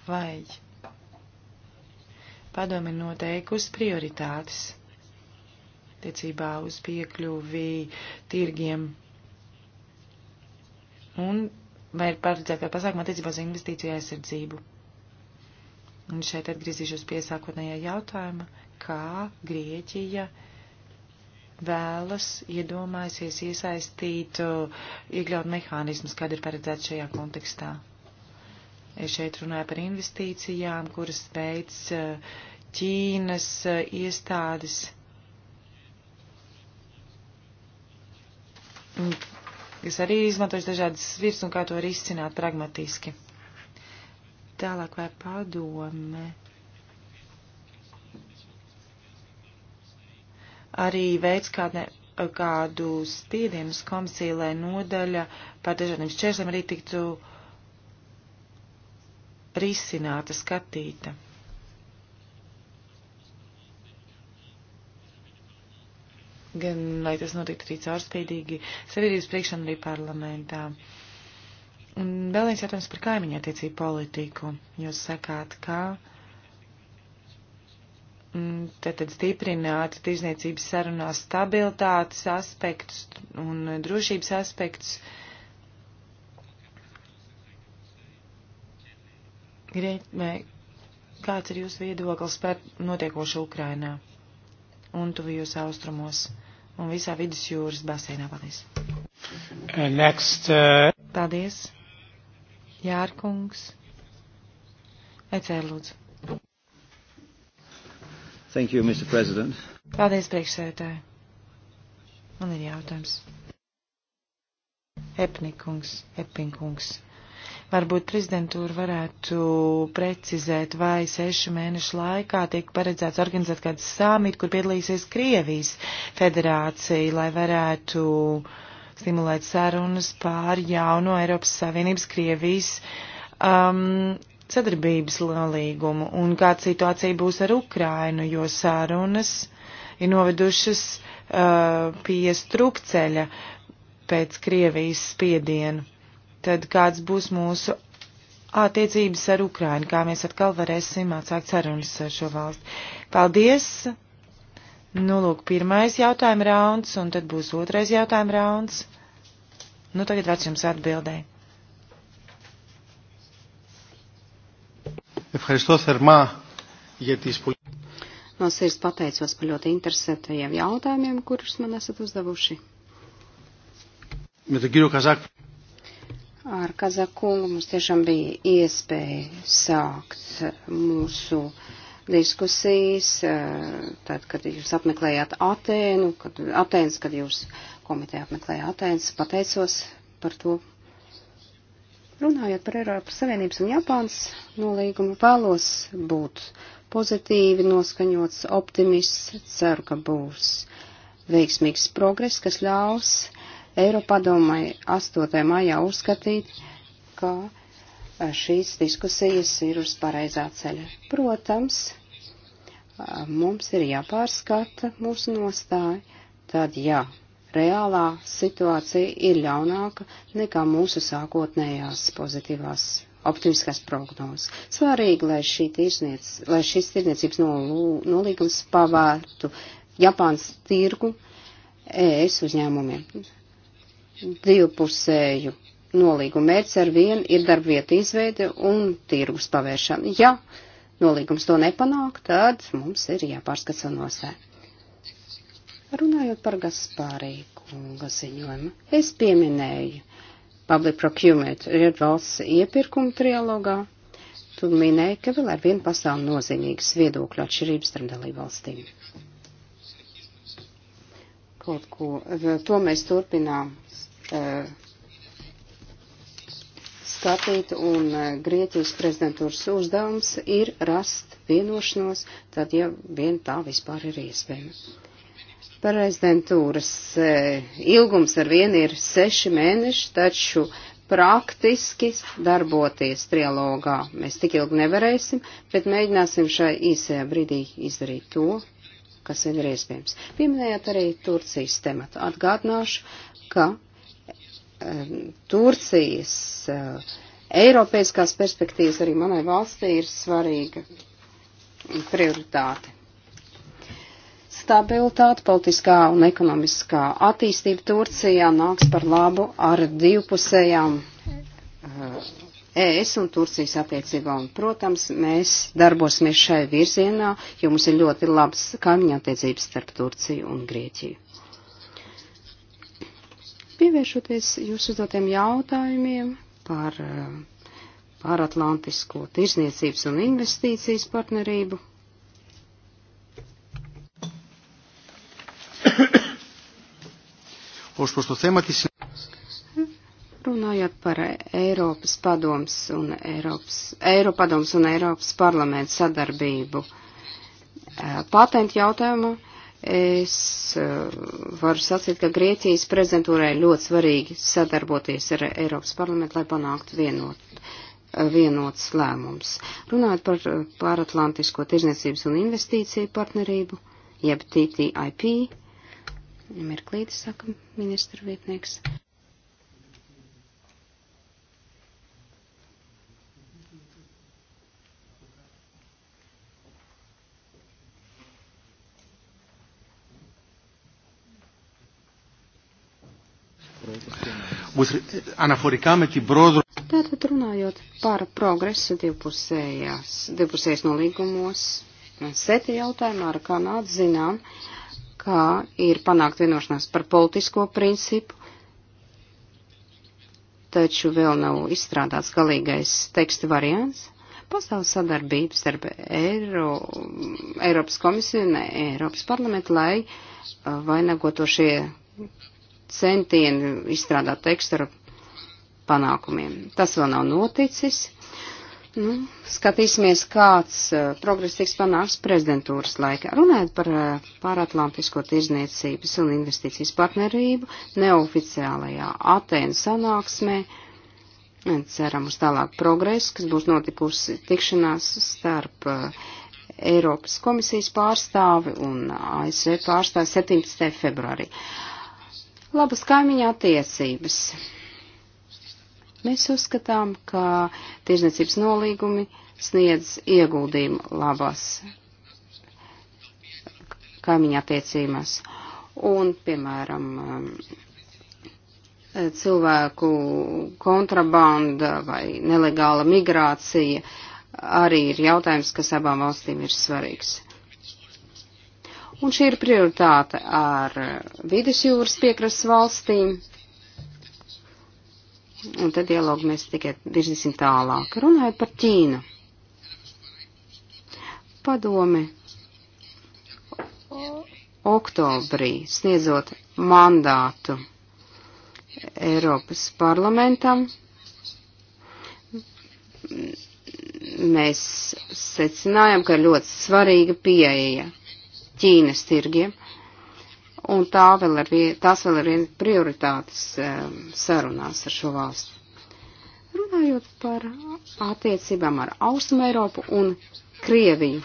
S1: Vai padomi noteikusi prioritātes tiecībā uz piekļuvi tirgiem un vai ir paredzēta pasākuma attiecībā uz investīciju aizsardzību. Un šeit atgriezīšos pie sākotnējā jautājuma, kā Grieķija vēlas iedomājusies iesaistīt, uh, iekļaut mehānismus, kāda ir paredzēta šajā kontekstā. Es šeit runāju par investīcijām, kuras veids uh, Ķīnas uh, iestādes kas arī izmantojuši dažādas virs un kā to arī izcināt pragmatiski. Tālāk vai padome. Arī veids, kā ne, kādu spiedienus komisija, lai nodaļa par dažādiem šķērsliem arī tiktu risināta, skatīta. gan lai tas notiktu arī caurspīdīgi sabiedrības priekšana arī parlamentā. Un vēl viens jautājums par kaimiņa attiecību politiku. Jūs sakāt, ka mm, tātad stiprināt tirzniecības sarunās stabilitātes aspektus un drošības aspektus. Kāds ir jūsu viedoklis par notiekošu Ukrainā un tuvijos austrumos? un visā vidusjūras basēnā. Paldies! Uh, next, uh... Paldies! Jārkungs! Ecēr lūdzu! Thank you, Mr. President. Paldies, priekšsēdētāji! Man ir jautājums. Epnikungs, Epinkungs. Varbūt prezidentūra varētu precizēt, vai sešu mēnešu laikā tiek paredzēts organizēt kādu samitu, kur piedalīsies Krievijas federācija, lai varētu stimulēt sarunas pār jauno Eiropas Savienības Krievijas um, sadarbības līgumu un kāda situācija būs ar Ukrainu, jo sarunas ir novedušas uh, pie strupceļa pēc Krievijas spiedienu tad kāds būs mūsu attiecības ar Ukrainu, kā mēs atkal varēsim atsākt sarunas ar šo valstu. Paldies! Nu, lūk, pirmais jautājuma rauns, un tad būs otrais jautājuma rauns. Nu, tagad vārds jums atbildē.
S2: No sirds pateicos par ļoti interesantajiem jautājumiem, kurus man esat uzdevuši.
S3: Με τον κύριο Καζάκ
S2: Ar Kazakungu mums tiešām bija iespēja sākt mūsu diskusijas, eh, tad, kad jūs apmeklējāt Atēnu, kad, Atēns, kad jūs komiteja apmeklēja Atēnas, pateicos par to. Runājot par Eiropas Savienības un Japānas nolīgumu, vēlos būt pozitīvi noskaņots optimists, ceru, ka būs veiksmīgs progress, kas ļaus Eiropadomai 8. maijā uzskatīt, ka eh, šīs diskusijas ir uz pareizā ceļa. Protams, eh, mums ir jāpārskata mūsu nostāja, tad jā, reālā situācija ir ļaunāka nekā mūsu sākotnējās pozitīvās optimiskās prognozes. Svarīgi, lai, šī tirzniec, lai šis tirniecības nolīgums pavērtu Japānas tirgu ES uzņēmumiem divpusēju nolīgumu mērķis ar vienu ir darbvieta izveide un tirgus pavēršana. Ja nolīgums to nepanāk, tad mums ir jāpārskat savu nosēmu. Runājot par Gaspārī kunga ziņojumu, es pieminēju public procurement ir valsts iepirkuma trialogā. Tu minēji, ka vēl ar vienu pastāv nozīmīgas viedokļu atšķirības starp dalību valstīm. Kaut ko, to mēs turpinām skatīt, un Grieķijas prezidentūras uzdevums ir rast vienošanos, tad ja vien tā vispār ir iespējama. Prezidentūras ilgums ar vienu ir seši mēneši, taču praktiski darboties trialogā mēs tik ilgi nevarēsim, bet mēģināsim šai īsajā brīdī izdarīt to, kas vien ir iespējams. Pieminējāt arī Turcijas tematu. Atgādināšu, ka Turcijas Eiropēskās perspektīvas arī manai valstī ir svarīga prioritāte. Stabilitāte, politiskā un ekonomiskā attīstība Turcijā nāks par labu ar divpusējām ES e un Turcijas attiecībām. Protams, mēs darbosimies šai virzienā, jo mums ir ļoti labs kaimiņa attiecības starp Turciju un Grieķiju. Pievēršoties jūsu uzdotiem jautājumiem par eh, pāratlantisko tirsniecības un investīcijas partnerību.
S3: (coughs)
S2: Runājot par Eiropas padoms un Eiropas, Eiropadoms un Eiropas parlamentu sadarbību eh, patentu jautājumu Es uh, varu sacīt, ka Grieķijas prezidentūrai ļoti svarīgi sadarboties ar Eiropas parlamentu, lai panāktu vienot, eh, vienots lēmums. Runājot par eh, pāratlantisko tirzniecības un investīciju partnerību, jeb TTIP, mirklīti saka ministra vietnieks.
S3: αναφορικά με την πρόοδο.
S2: Tātad runājot par progresu divpusējās, divpusējās nolīgumos, seti jautājumā ar Kanādu zinām, ka ir panākt vienošanās par politisko principu, taču vēl nav izstrādāts galīgais teksta variants. Pastāv sadarbības starp Eiro, Eiropas komisiju un Eiropas parlamentu, lai uh, vainagoto šie centieni izstrādāt tekstu ar panākumiem. Tas vēl nav noticis. Nu, skatīsimies, kāds uh, progress tiks panāks prezidentūras laikā. Runājot par uh, pāratlantisko tirzniecības un investīcijas partnerību, neoficiālajā Atēnu sanāksmē ceram uz tālāk progresu, kas būs notikusi tikšanās starp uh, Eiropas komisijas pārstāvi un ASV pārstāvi 17. februārī. Uh, Labas kaimiņa attiecības. Mēs uzskatām, ka tirzniecības nolīgumi sniedz ieguldījumu labās kaimiņa attiecībās. Un, piemēram, um, cilvēku kontrabanda vai nelegāla migrācija arī ir jautājums, kas abām valstīm ir svarīgs. Un šī ir prioritāte ar vidusjūras piekras valstīm. Un tad dialogu mēs tikai virzīsim tālāk. Runājot par Ķīnu. Padome oktobrī sniedzot mandātu Eiropas parlamentam. Mēs secinājām, ka ļoti svarīga pieeja Ķīnas tirgiem. Un tā vēl ir, tās vēl ir viena prioritātes um, sarunās ar šo valstu. Runājot par attiecībām ar Austrumu Eiropu un Krieviju,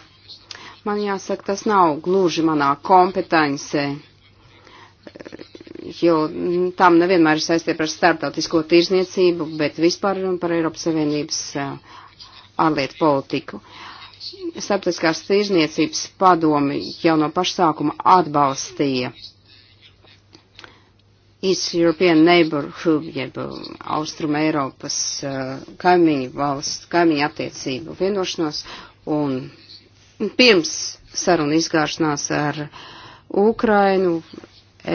S2: man jāsaka, tas nav gluži manā kompetencē jo mm, tam nevienmēr ir saistīta ar starptautisko tirzniecību, bet vispār runa par Eiropas Savienības uh, ārlietu politiku starptautiskās tirzniecības padomi jau no pašsākuma atbalstīja East European Neighborhood, jeb Austrum Eiropas uh, kaimiņu valsts, kaimiņu attiecību vienošanos, un pirms saruna izgāršanās ar Ukrainu,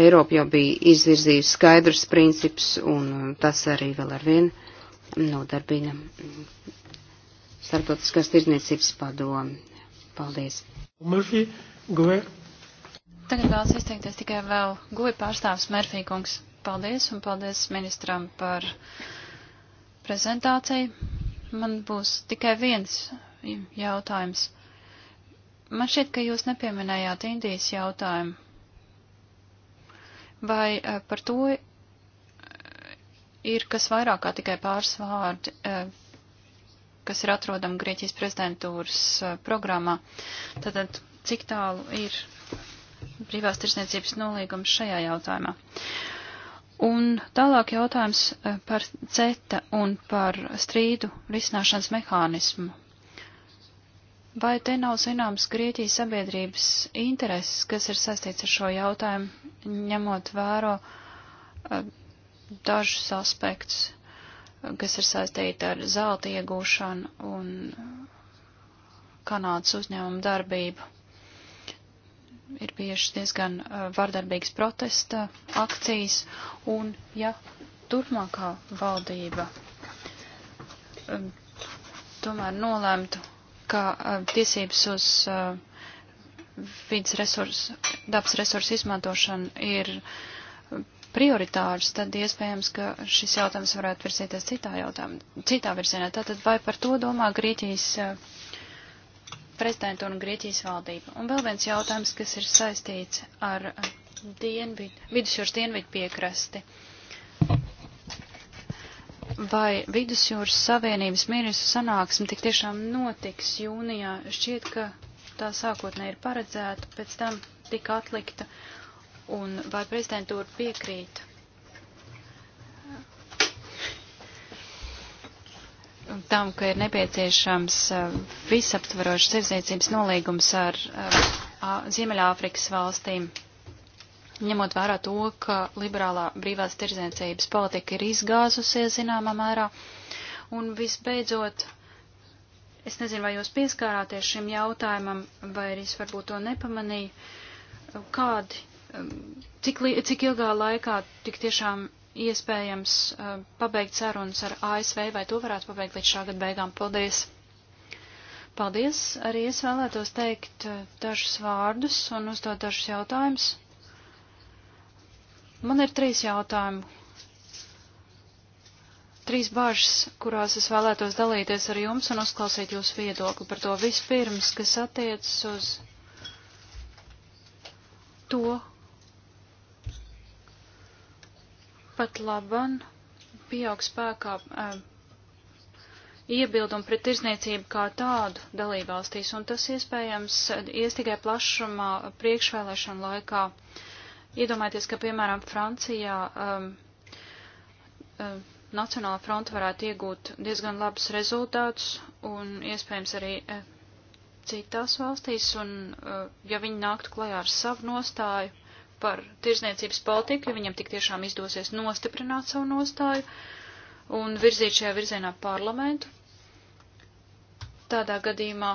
S2: Eiropa jau bija izvirzījusi skaidrs princips, un tas arī vēl ar vienu nodarbina starptautiskās tirdzniecības padomu. Paldies! Murphy, Tagad
S3: vēlas izteikties tikai vēl guvi pārstāvs Mērfī kungs. Paldies un paldies ministram par prezentāciju. Man būs tikai viens jautājums. Man šķiet, ka jūs nepieminējāt Indijas jautājumu. Vai eh, par to ir kas vairāk kā tikai pāris vārdi? Eh, kas ir atrodama Grieķijas prezidentūras eh, programmā. Tātad, cik tālu ir brīvās tirsniecības nolīgums šajā jautājumā? Un tālāk jautājums eh, par CETA un par strīdu risināšanas mehānismu. Vai te nav zināms Grieķijas sabiedrības intereses, kas ir saistīts ar šo jautājumu, ņemot vēro eh, dažus aspektus? kas ir saistīta ar zelta iegūšanu un Kanādas uzņēmumu darbību. Ir bijušas diezgan uh, vardarbīgas protesta akcijas, un ja turpmākā valdība um, tomēr nolēmtu, ka um, tiesības uz um, vidas resursu, dabas resursu izmantošanu ir uh, prioritārus, tad iespējams, ka šis jautājums varētu virzīties citā, citā virzienā. Tātad vai par to domā Grieķijas eh, prezidentu un Grieķijas valdību? Un vēl viens jautājums, kas ir saistīts ar eh, dienvid, vidusjūras dienvidu piekrasti. Vai vidusjūras savienības ministru sanāksme tik tiešām notiks jūnijā? Šķiet, ka tā sākotnē ir paredzēta, pēc tam tika atlikta. Uh, Un vai prezidentūra piekrīt tam, ka ir nepieciešams uh, visaptvarošs tirdzniecības nolīgums ar uh, Ziemeļāfrikas valstīm, ņemot vērā to, ka liberālā brīvās tirdzniecības politika ir izgāzusies zināmā mērā. Un visbeidzot, es nezinu, vai jūs pieskārāties šim jautājumam, vai arī es varbūt to nepamanīju, kādi Um, cik, cik ilgā laikā tik tiešām iespējams uh, pabeigt sarunas ar ASV, vai to varētu pabeigt līdz šā gada beigām? Paldies! Paldies! Arī es vēlētos teikt uh, dažus vārdus un uzdot dažus jautājumus. Man ir trīs jautājumi, trīs bažas, kurās es vēlētos dalīties ar jums un uzklausīt jūsu viedokli par to vispirms, kas attiecas uz to, Pat laban pieaug spēkā um, eh, iebildumi pret tirzniecību kā tādu dalībvalstīs, un tas iespējams ies tikai plašumā priekšvēlēšana laikā. Iedomājieties, ka, piemēram, Francijā um, ehm, um, ehm, Nacionāla fronta varētu iegūt diezgan labus rezultātus, un iespējams arī e, citās valstīs, un e, ja viņi nāktu klajā ar savu nostāju, par tirzniecības politiku, ja viņam tik tiešām izdosies nostiprināt savu nostāju un virzīt šajā virzienā parlamentu. Tādā gadījumā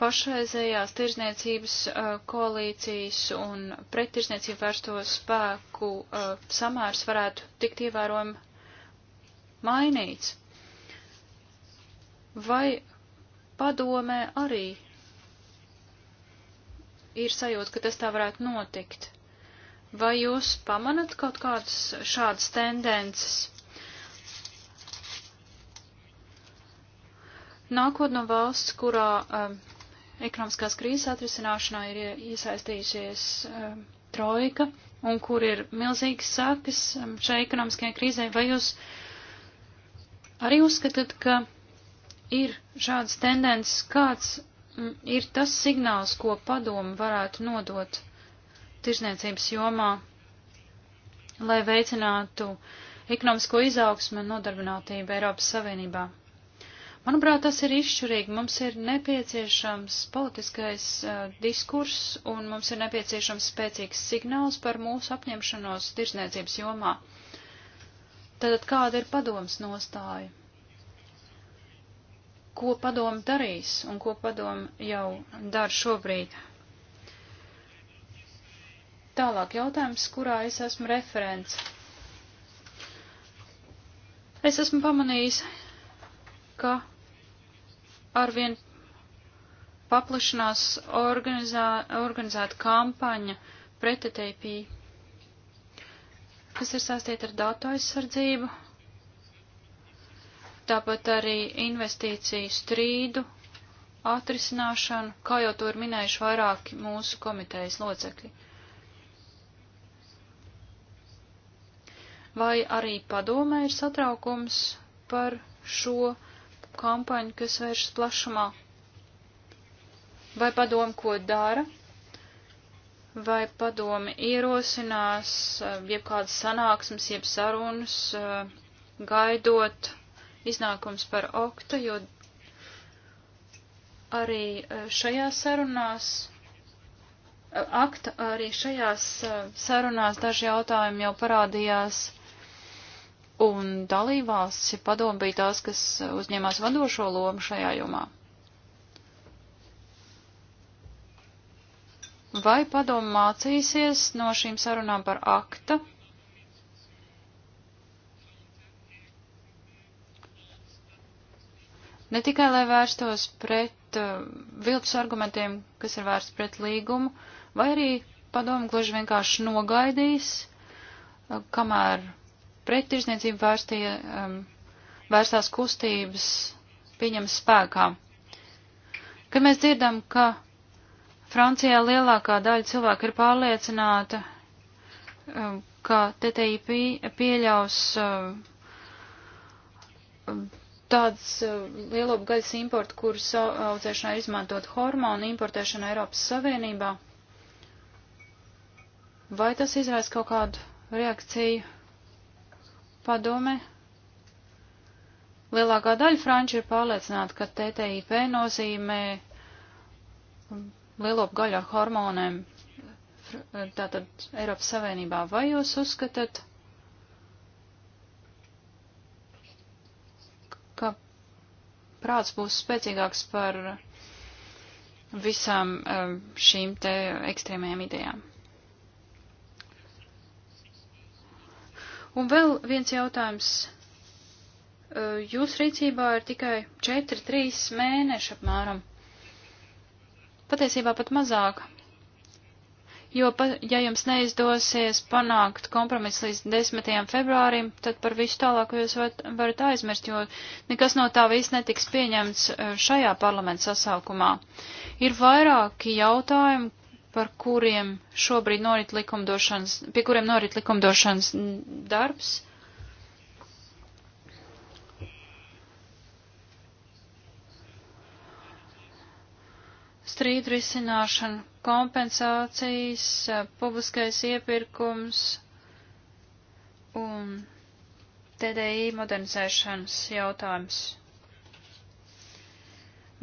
S3: pašreizējās tirzniecības uh, koalīcijas un prettirzniecību vērsto spēku uh, samērs varētu tikt ievērojami mainīts. Vai padomē arī ir sajūta, ka tas tā varētu notikt. Vai jūs pamanat kaut kādas šādas tendences? Nākot no valsts, kurā um, ekonomiskās krīzes atrisināšanā ir iesaistījusies um, trojka un kur ir milzīgas sakas um, šai ekonomiskajai krīzē, vai jūs arī uzskatāt, ka ir šādas tendences, kāds Mm, ir tas signāls, ko padomu varētu nodot tirzniecības jomā, lai veicinātu ekonomisko izaugsmu un nodarbinātību Eiropas Savienībā. Manuprāt, tas ir izšķirīgi. Mums ir nepieciešams politiskais uh, diskurss un mums ir nepieciešams spēcīgs signāls par mūsu apņemšanos tirzniecības jomā. Tātad kāda ir padomas nostāja? ko padomu darīs un ko padomu jau dara šobrīd. Tālāk jautājums, kurā es esmu referents. Es esmu pamanījis, ka arvien paplašinās organizā, organizēta kampaņa pret ETP, kas ir sāstīta ar datu aizsardzību, tāpat arī investīciju strīdu atrisināšanu, kā jau to ir minējuši vairāki mūsu komitejas locekļi. Vai arī padomē ir satraukums par šo kampaņu, kas vēršas plašumā? Vai padomu, ko dara? Vai padomi ierosinās eh, jebkādas sanāksmes, jeb sarunas, eh, gaidot iznākums par oktu, jo arī e, šajās sarunās, e, akta, arī šajās e, sarunās daži jautājumi jau parādījās, un dalībvalsts ja padomu bija tās, kas uzņēmās vadošo lomu šajā jomā. Vai padomu mācīsies no šīm sarunām par akta? Ne tikai, lai vērstos pret uh, viltus argumentiem, kas ir vērsts pret līgumu, vai arī padomu gluži vienkārši nogaidīs, uh, kamēr pret tirzniecību vērstie, um, vērstās kustības pieņems spēkā. Kad mēs dzirdam, ka Francijā lielākā daļa cilvēku ir pārliecināta, um, ka TTIP pieļaus uh, um, tādas eh, lielopu gaļas importu, kuras audzēšanā ir izmantot hormonu importēšana Eiropas Savienībā. Vai tas izraisa kaut kādu reakciju padome? Lielākā daļa franči ir pārliecināta, ka TTIP nozīmē lielopu gaļu ar hormoniem tātad Eiropas Savienībā. Vai jūs uzskatāt, ka prāts būs spēcīgāks par visām um, šīm te ekstrēmajām idejām. Un vēl viens jautājums. Uh, Jūs rīcībā ir tikai 4-3 mēneši apmēram. Patiesībā pat mazāk, jo, pa, ja jums neizdosies panākt kompromisu līdz 10. februārim, tad par visu tālāko jūs varat, varat aizmirst, jo nekas no tā viss netiks pieņemts e, šajā parlamenta sasaukumā. Ir vairāki jautājumi, par kuriem šobrīd norit likumdošanas, pie kuriem norit likumdošanas darbs. strīdu risināšanu, kompensācijas, publiskais iepirkums un TDI modernizēšanas jautājums.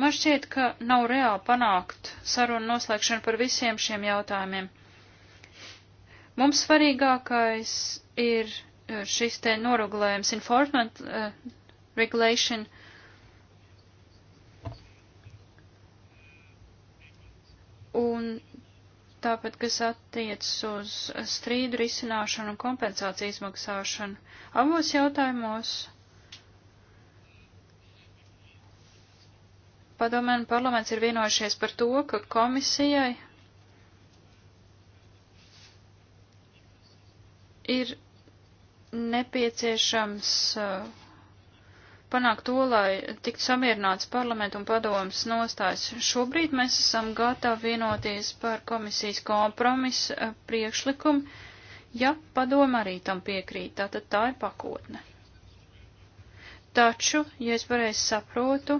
S3: Man šķiet, ka nav reāli panākt sarunu noslēgšanu par visiem šiem jautājumiem. Mums svarīgākais ir šis te noregulējums, enforcement uh, regulation, Un tāpat, kas attiecas uz strīdu risināšanu un kompensāciju izmaksāšanu, abos jautājumos padomē un parlaments ir vienojušies par to, ka komisijai ir nepieciešams uh, panākt to, lai tiktu samierināts parlamentu un padomas nostājas. Šobrīd mēs esam gatavi vienoties par komisijas kompromisu eh, priekšlikumu, ja padoma arī tam piekrīt, tātad tā ir pakotne. Taču, ja es pareizi saprotu,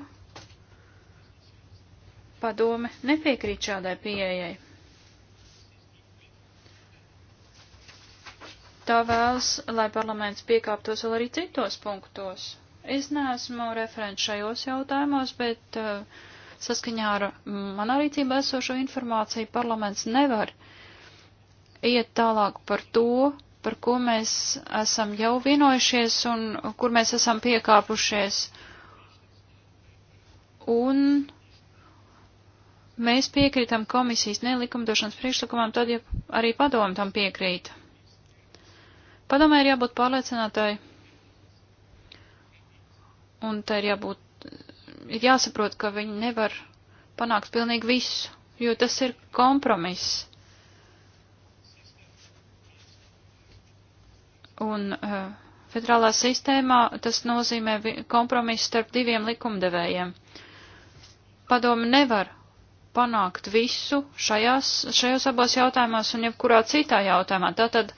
S3: padome nepiekrīt šādai pieejai. Tā vēlas, lai parlaments piekāptos vēl arī citos punktos. Es neesmu referents šajos jautājumos, bet uh, saskaņā ar manā rīcībā esošo informāciju parlaments nevar iet tālāk par to, par ko mēs esam jau vienojušies un kur mēs esam piekāpušies. Un mēs piekrītam komisijas nelikumdošanas priekšlikumam, tad ja arī padomu tam piekrīt. Padomē ir jābūt pārliecinātai Un tā ir jābūt, ir jāsaprot, ka viņi nevar panākt pilnīgi visu, jo tas ir kompromiss. Un uh, federālā sistēmā tas nozīmē kompromisu starp diviem likumdevējiem. Padomi nevar panākt visu šajās, šajos abos jautājumos un jebkurā citā jautājumā. Tātad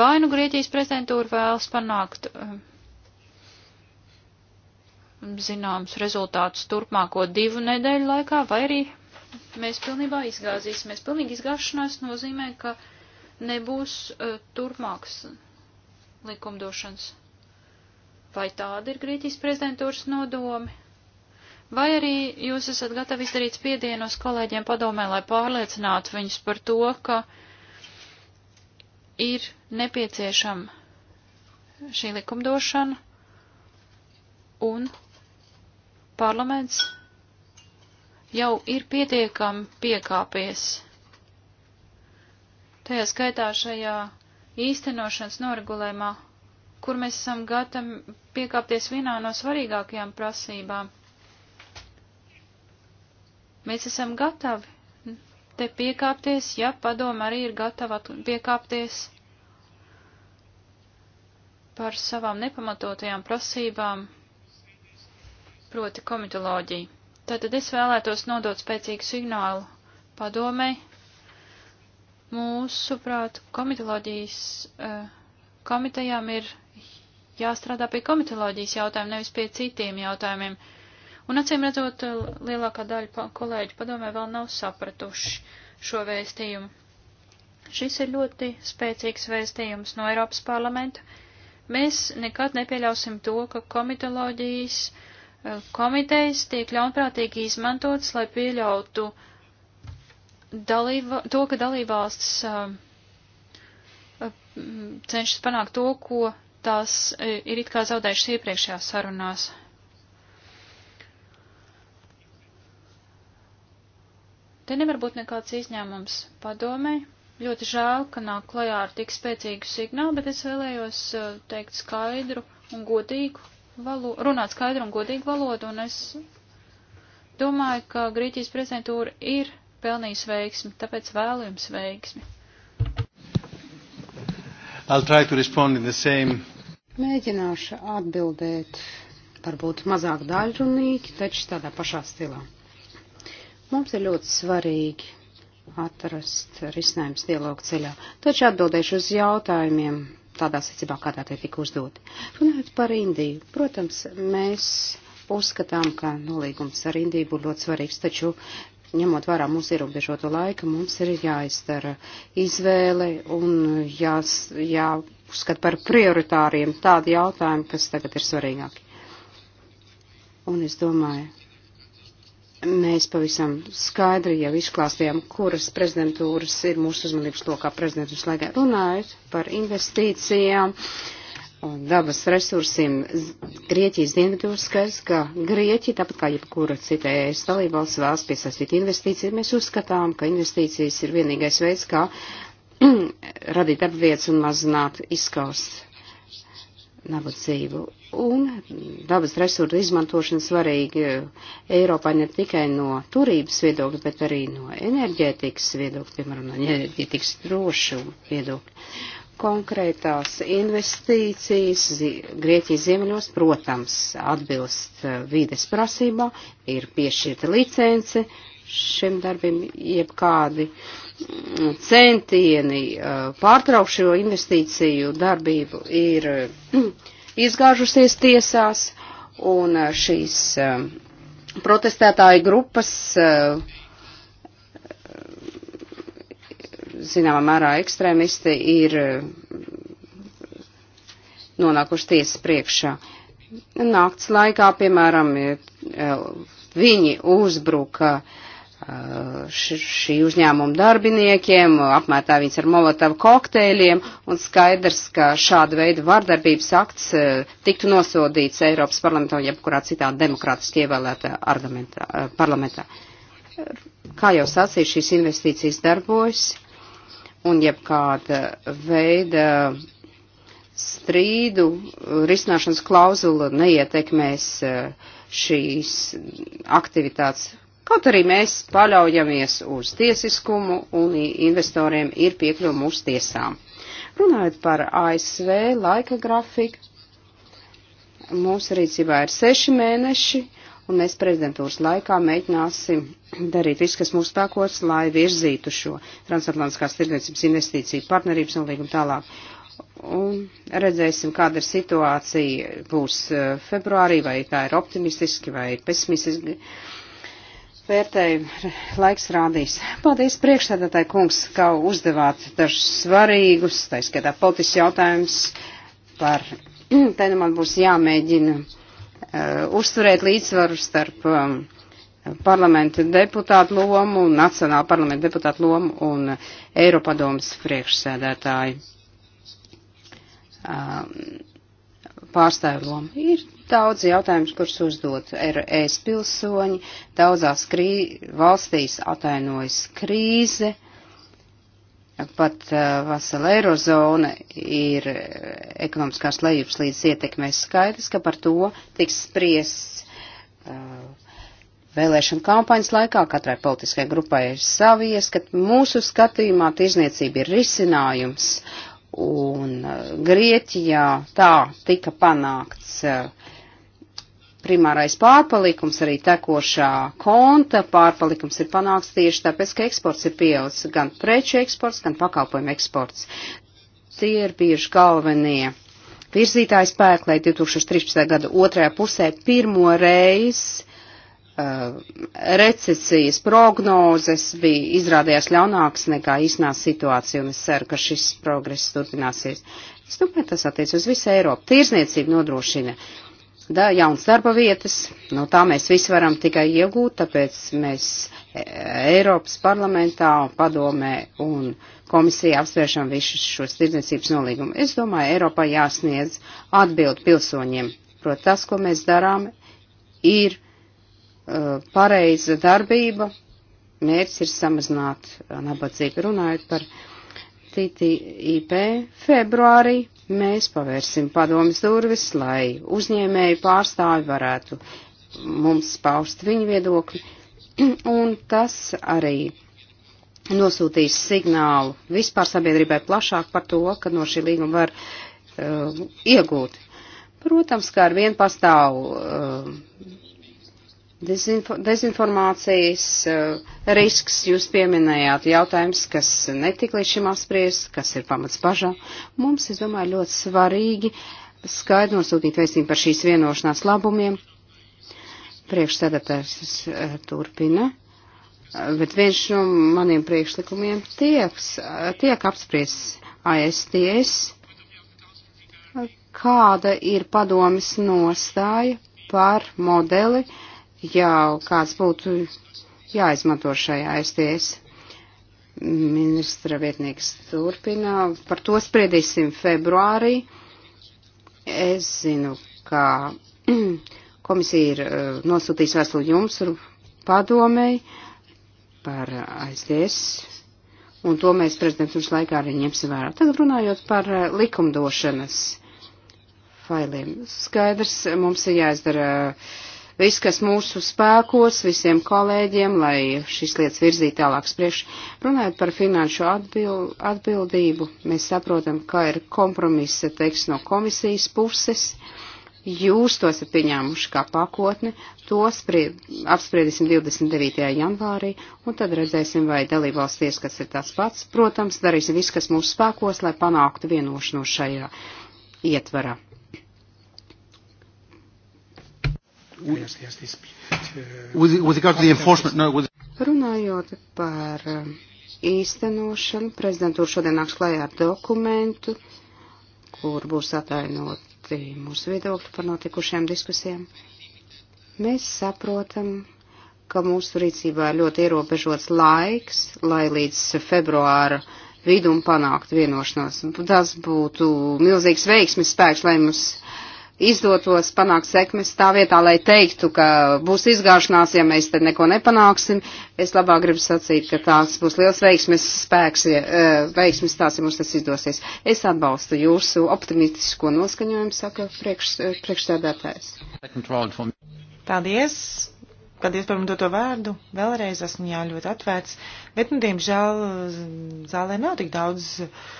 S3: vai nu Grieķijas prezidentūra vēlas panākt uh, zināms rezultātus turpmāko divu nedēļu laikā, vai arī mēs pilnībā izgāzīsimies. Pilnīgi izgāšanās nozīmē, ka nebūs uh, turpmāks likumdošanas. Vai tāda ir Grieķijas prezidentūras nodomi? Vai arī jūs esat gatavi izdarīt spiedienu uz kolēģiem padomē, lai pārliecinātu viņus par to, ka ir nepieciešama šī likumdošana un parlaments jau ir pietiekami piekāpies. Tajā skaitā šajā īstenošanas noregulējumā, kur mēs esam gatavi piekāpties vienā no svarīgākajām prasībām. Mēs esam gatavi te piekāpties, ja padoma arī ir gatava piekāpties par savām nepamatotajām prasībām proti komitoloģiju. Tātad es vēlētos nodot spēcīgu signālu padomei. Mūsuprāt, komitoloģijas uh, komitejām ir jāstrādā pie komitoloģijas jautājumiem, nevis pie citiem jautājumiem. Un acīm redzot, eh, lielākā daļa kolēģu padomē vēl nav sapratuši šo vēstījumu. Šis ir ļoti spēcīgs vēstījums no Eiropas parlamenta. Mēs nekad nepieļausim to, ka komitoloģijas uh, komitejas tiek ļaunprātīgi izmantotas, lai pieļautu dalība, to, ka dalībvalstis eh, cenšas panākt to, ko tās eh, ir it kā zaudējušas iepriekšējās sarunās. Te nevar būt nekāds izņēmums padomē. Ļoti žēl, ka nāk klajā ar tik spēcīgu signālu, bet es vēlējos eh, teikt skaidru un godīgu valodu, runāt skaidru un godīgu valodu, un es domāju, ka Grieķijas prezidentūra ir pelnījusi veiksmi, tāpēc vēlu jums
S2: veiksmi. Mēģināšu atbildēt, varbūt mazāk daļrunīgi, taču tādā pašā stilā. Mums ir ļoti svarīgi atrast risinājums dialogu ceļā, taču atbildēšu uz jautājumiem, tādā secībā, kādā tie tika uzdot. Runājot par Indiju, protams, mēs uzskatām, ka nolīgums ar Indiju būtu ļoti svarīgs, taču ņemot vērā mūsu ierobežoto laiku, mums ir jāizdara izvēle un jās, jāuzskata par prioritāriem tādi jautājumi, kas tagad ir svarīgāki. Un es domāju, Mēs pavisam skaidri jau izklāstījām, kuras prezidentūras ir mūsu uzmanības lokā prezidentūras laikā runājot par investīcijām un dabas resursiem Grieķijas dienvidos skaidrs, ka Grieķi, tāpat kā jebkura cita ES dalībvalsts vēlas piesaistīt investīciju, mēs uzskatām, ka investīcijas ir vienīgais veids, kā (clears throat) radīt darbvietas un mazināt izskaust nabadzību. Un dabas resursu izmantošana svarīga Eiropai ne tikai no turības viedokļa, bet arī no enerģētikas viedokļa, piemēram, no enerģētikas drošuma viedokļa. Konkrētās investīcijas Grieķijas ziemeļos, protams, atbilst uh, vides prasībā, ir piešķirta licence šiem darbiem, jebkādi uh, centieni pārtraukt šo investīciju darbību ir (clears throat) izgāžusies tiesās, un šīs protestētāju grupas zināmā mērā ekstrēmisti ir nonākuši tiesas priekšā. Nakts laikā, piemēram, viņi uzbruka uh, šī uzņēmuma darbiniekiem, apmētā viņus ar molotavu kokteļiem, un skaidrs, ka šāda veida vardarbības akts e, tiktu nosodīts Eiropas parlamentā un jebkurā citā demokrātiski ievēlētā e, parlamentā. Kā jau sacīju, šīs investīcijas darbojas, un jebkāda veida strīdu risināšanas klauzula neietekmēs e, šīs aktivitātes Kaut arī mēs paļaujamies uz tiesiskumu un investoriem ir piekļuva mūsu tiesām. Runājot par ASV laika grafiku, mūsu rīcībā ir seši mēneši, un mēs prezidentūras laikā mēģināsim darīt visu, kas mūsu spēkos, lai virzītu šo transatlantiskās tirdzniecības investīciju partnerības nolīgumu tālāk. Un redzēsim, kāda ir situācija būs eh, februārī, vai tā ir optimistiski vai pesimistiski vērtēju, laiks rādīs. Paldies priekšsēdētāji kungs, kā uzdevāt dažus svarīgus, tā skatā politisks jautājums par, (clears throat) te nu man būs jāmēģina uh, uzturēt līdzsvaru starp um, parlamenta deputātu lomu, nacionāla parlamenta deputātu lomu un Eiropadomas priekšsēdētāju um, pārstāvju lomu. Ir daudz jautājumus, kurus uzdot er, ES pilsoņi, daudzās krī, valstīs atainojas krīze, pat uh, vesela eirozona ir uh, ekonomiskās lejupslīdes ietekmēs skaidrs, ka par to tiks spriests. Uh, Vēlēšana kampaņas laikā katrai politiskajai grupai ir savi ieskati. Mūsu skatījumā tirzniecība ir risinājums, un uh, Grieķijā tā tika panākts uh, primārais pārpalikums, arī tekošā konta pārpalikums ir panāks tieši tāpēc, ka eksports ir pieaudzis gan preču eksports, gan pakalpojumu eksports. Tie ir bijuši galvenie virzītāji spēki, lai 2013. gada otrajā pusē pirmo reizi uh, recesijas prognozes bija izrādījās ļaunāks nekā īsnā situācija, un es ceru, ka šis progress turpināsies. Es domāju, tas attiec uz visu Eiropu. Tirzniecība nodrošina uh, da, jauns darba vietas, no tā mēs visi varam tikai iegūt, tāpēc mēs e, Eiropas parlamentā, padomē un komisija apsvēršam visus šos tirdzniecības nolīgumus. Es domāju, Eiropā jāsniedz atbildi pilsoņiem. Protams, tas, ko mēs darām, ir uh, pareiza darbība. Mērķis ir samazināt nabadzību. Runājot par TTIP februārī, mēs pavērsim padomas durvis, lai uzņēmēju pārstāvi varētu mums paust viņu viedokli, (clears throat) un tas arī nosūtīs signālu vispār sabiedrībai plašāk par to, ka no šī līguma var uh, iegūt. Protams, kā ar vien pastāv uh, Dezinfo dezinformācijas uh, risks jūs pieminējāt jautājums, kas netika līdz šim apspriest, kas ir pamats pažā. Mums, es domāju, ļoti svarīgi skaidri nosūtīt vēstījumu par šīs vienošanās labumiem. Priekšsēdētājs uh, eh, turpina, eh, bet viens no maniem priekšlikumiem tieks, uh, tiek apspriests ASTS. Kāda ir padomis nostāja par modeli? Uh, jau kāds būtu jāizmanto šajā STS. Ministra vietnieks turpina. Par to spriedīsim februārī. Es zinu, ka (clears throat) komisija ir eh, nosūtījusi vēstuli jums padomēji par aizies, un to mēs prezidentūras laikā arī ņemsim vērā. Tagad runājot par eh, likumdošanas failiem. Skaidrs, mums ir jāizdara uh, viss, kas mūsu spēkos, visiem kolēģiem, lai šīs lietas virzītu tālāks priekš. Runājot par finanšu atbil atbildību, mēs saprotam, ka ir kompromisa teiks no komisijas puses. Jūs to esat pieņēmuši kā pakotni, to apspriedīsim 29. janvārī, un tad redzēsim, vai dalībvalsts tieskats ir tāds pats. Protams, darīsim visu, kas mūsu spēkos, lai panāktu vienošanos šajā ietvarā.
S1: Uh,
S2: Runājot par um, īstenošanu, prezidentūra šodien nāks klajā ar dokumentu, kur būs atainoti mūsu viedokļi par notikušajām diskusijām. Mēs saprotam, ka mūsu rīcībā ir ļoti ierobežots laiks, lai līdz februāra vidum panākt vienošanos. Tas būtu milzīgs veiksmes spēks, lai mums. Uh, izdotos panākt sekmes tā vietā, lai teiktu, ka būs izgāšanās, ja mēs te neko nepanāksim. Es labāk gribu sacīt, ka tās būs liels veiksmes spēks, ja, e, veiksmes tās, ja mums tas izdosies. Es atbalstu jūsu optimistisko noskaņojumu, saka
S1: priekš, e, priekšsēdētājs. Paldies! Paldies par man doto vārdu. Vēlreiz esmu jā ļoti atvērts, bet, nu, diemžēl, zālē nav tik daudz. Uh,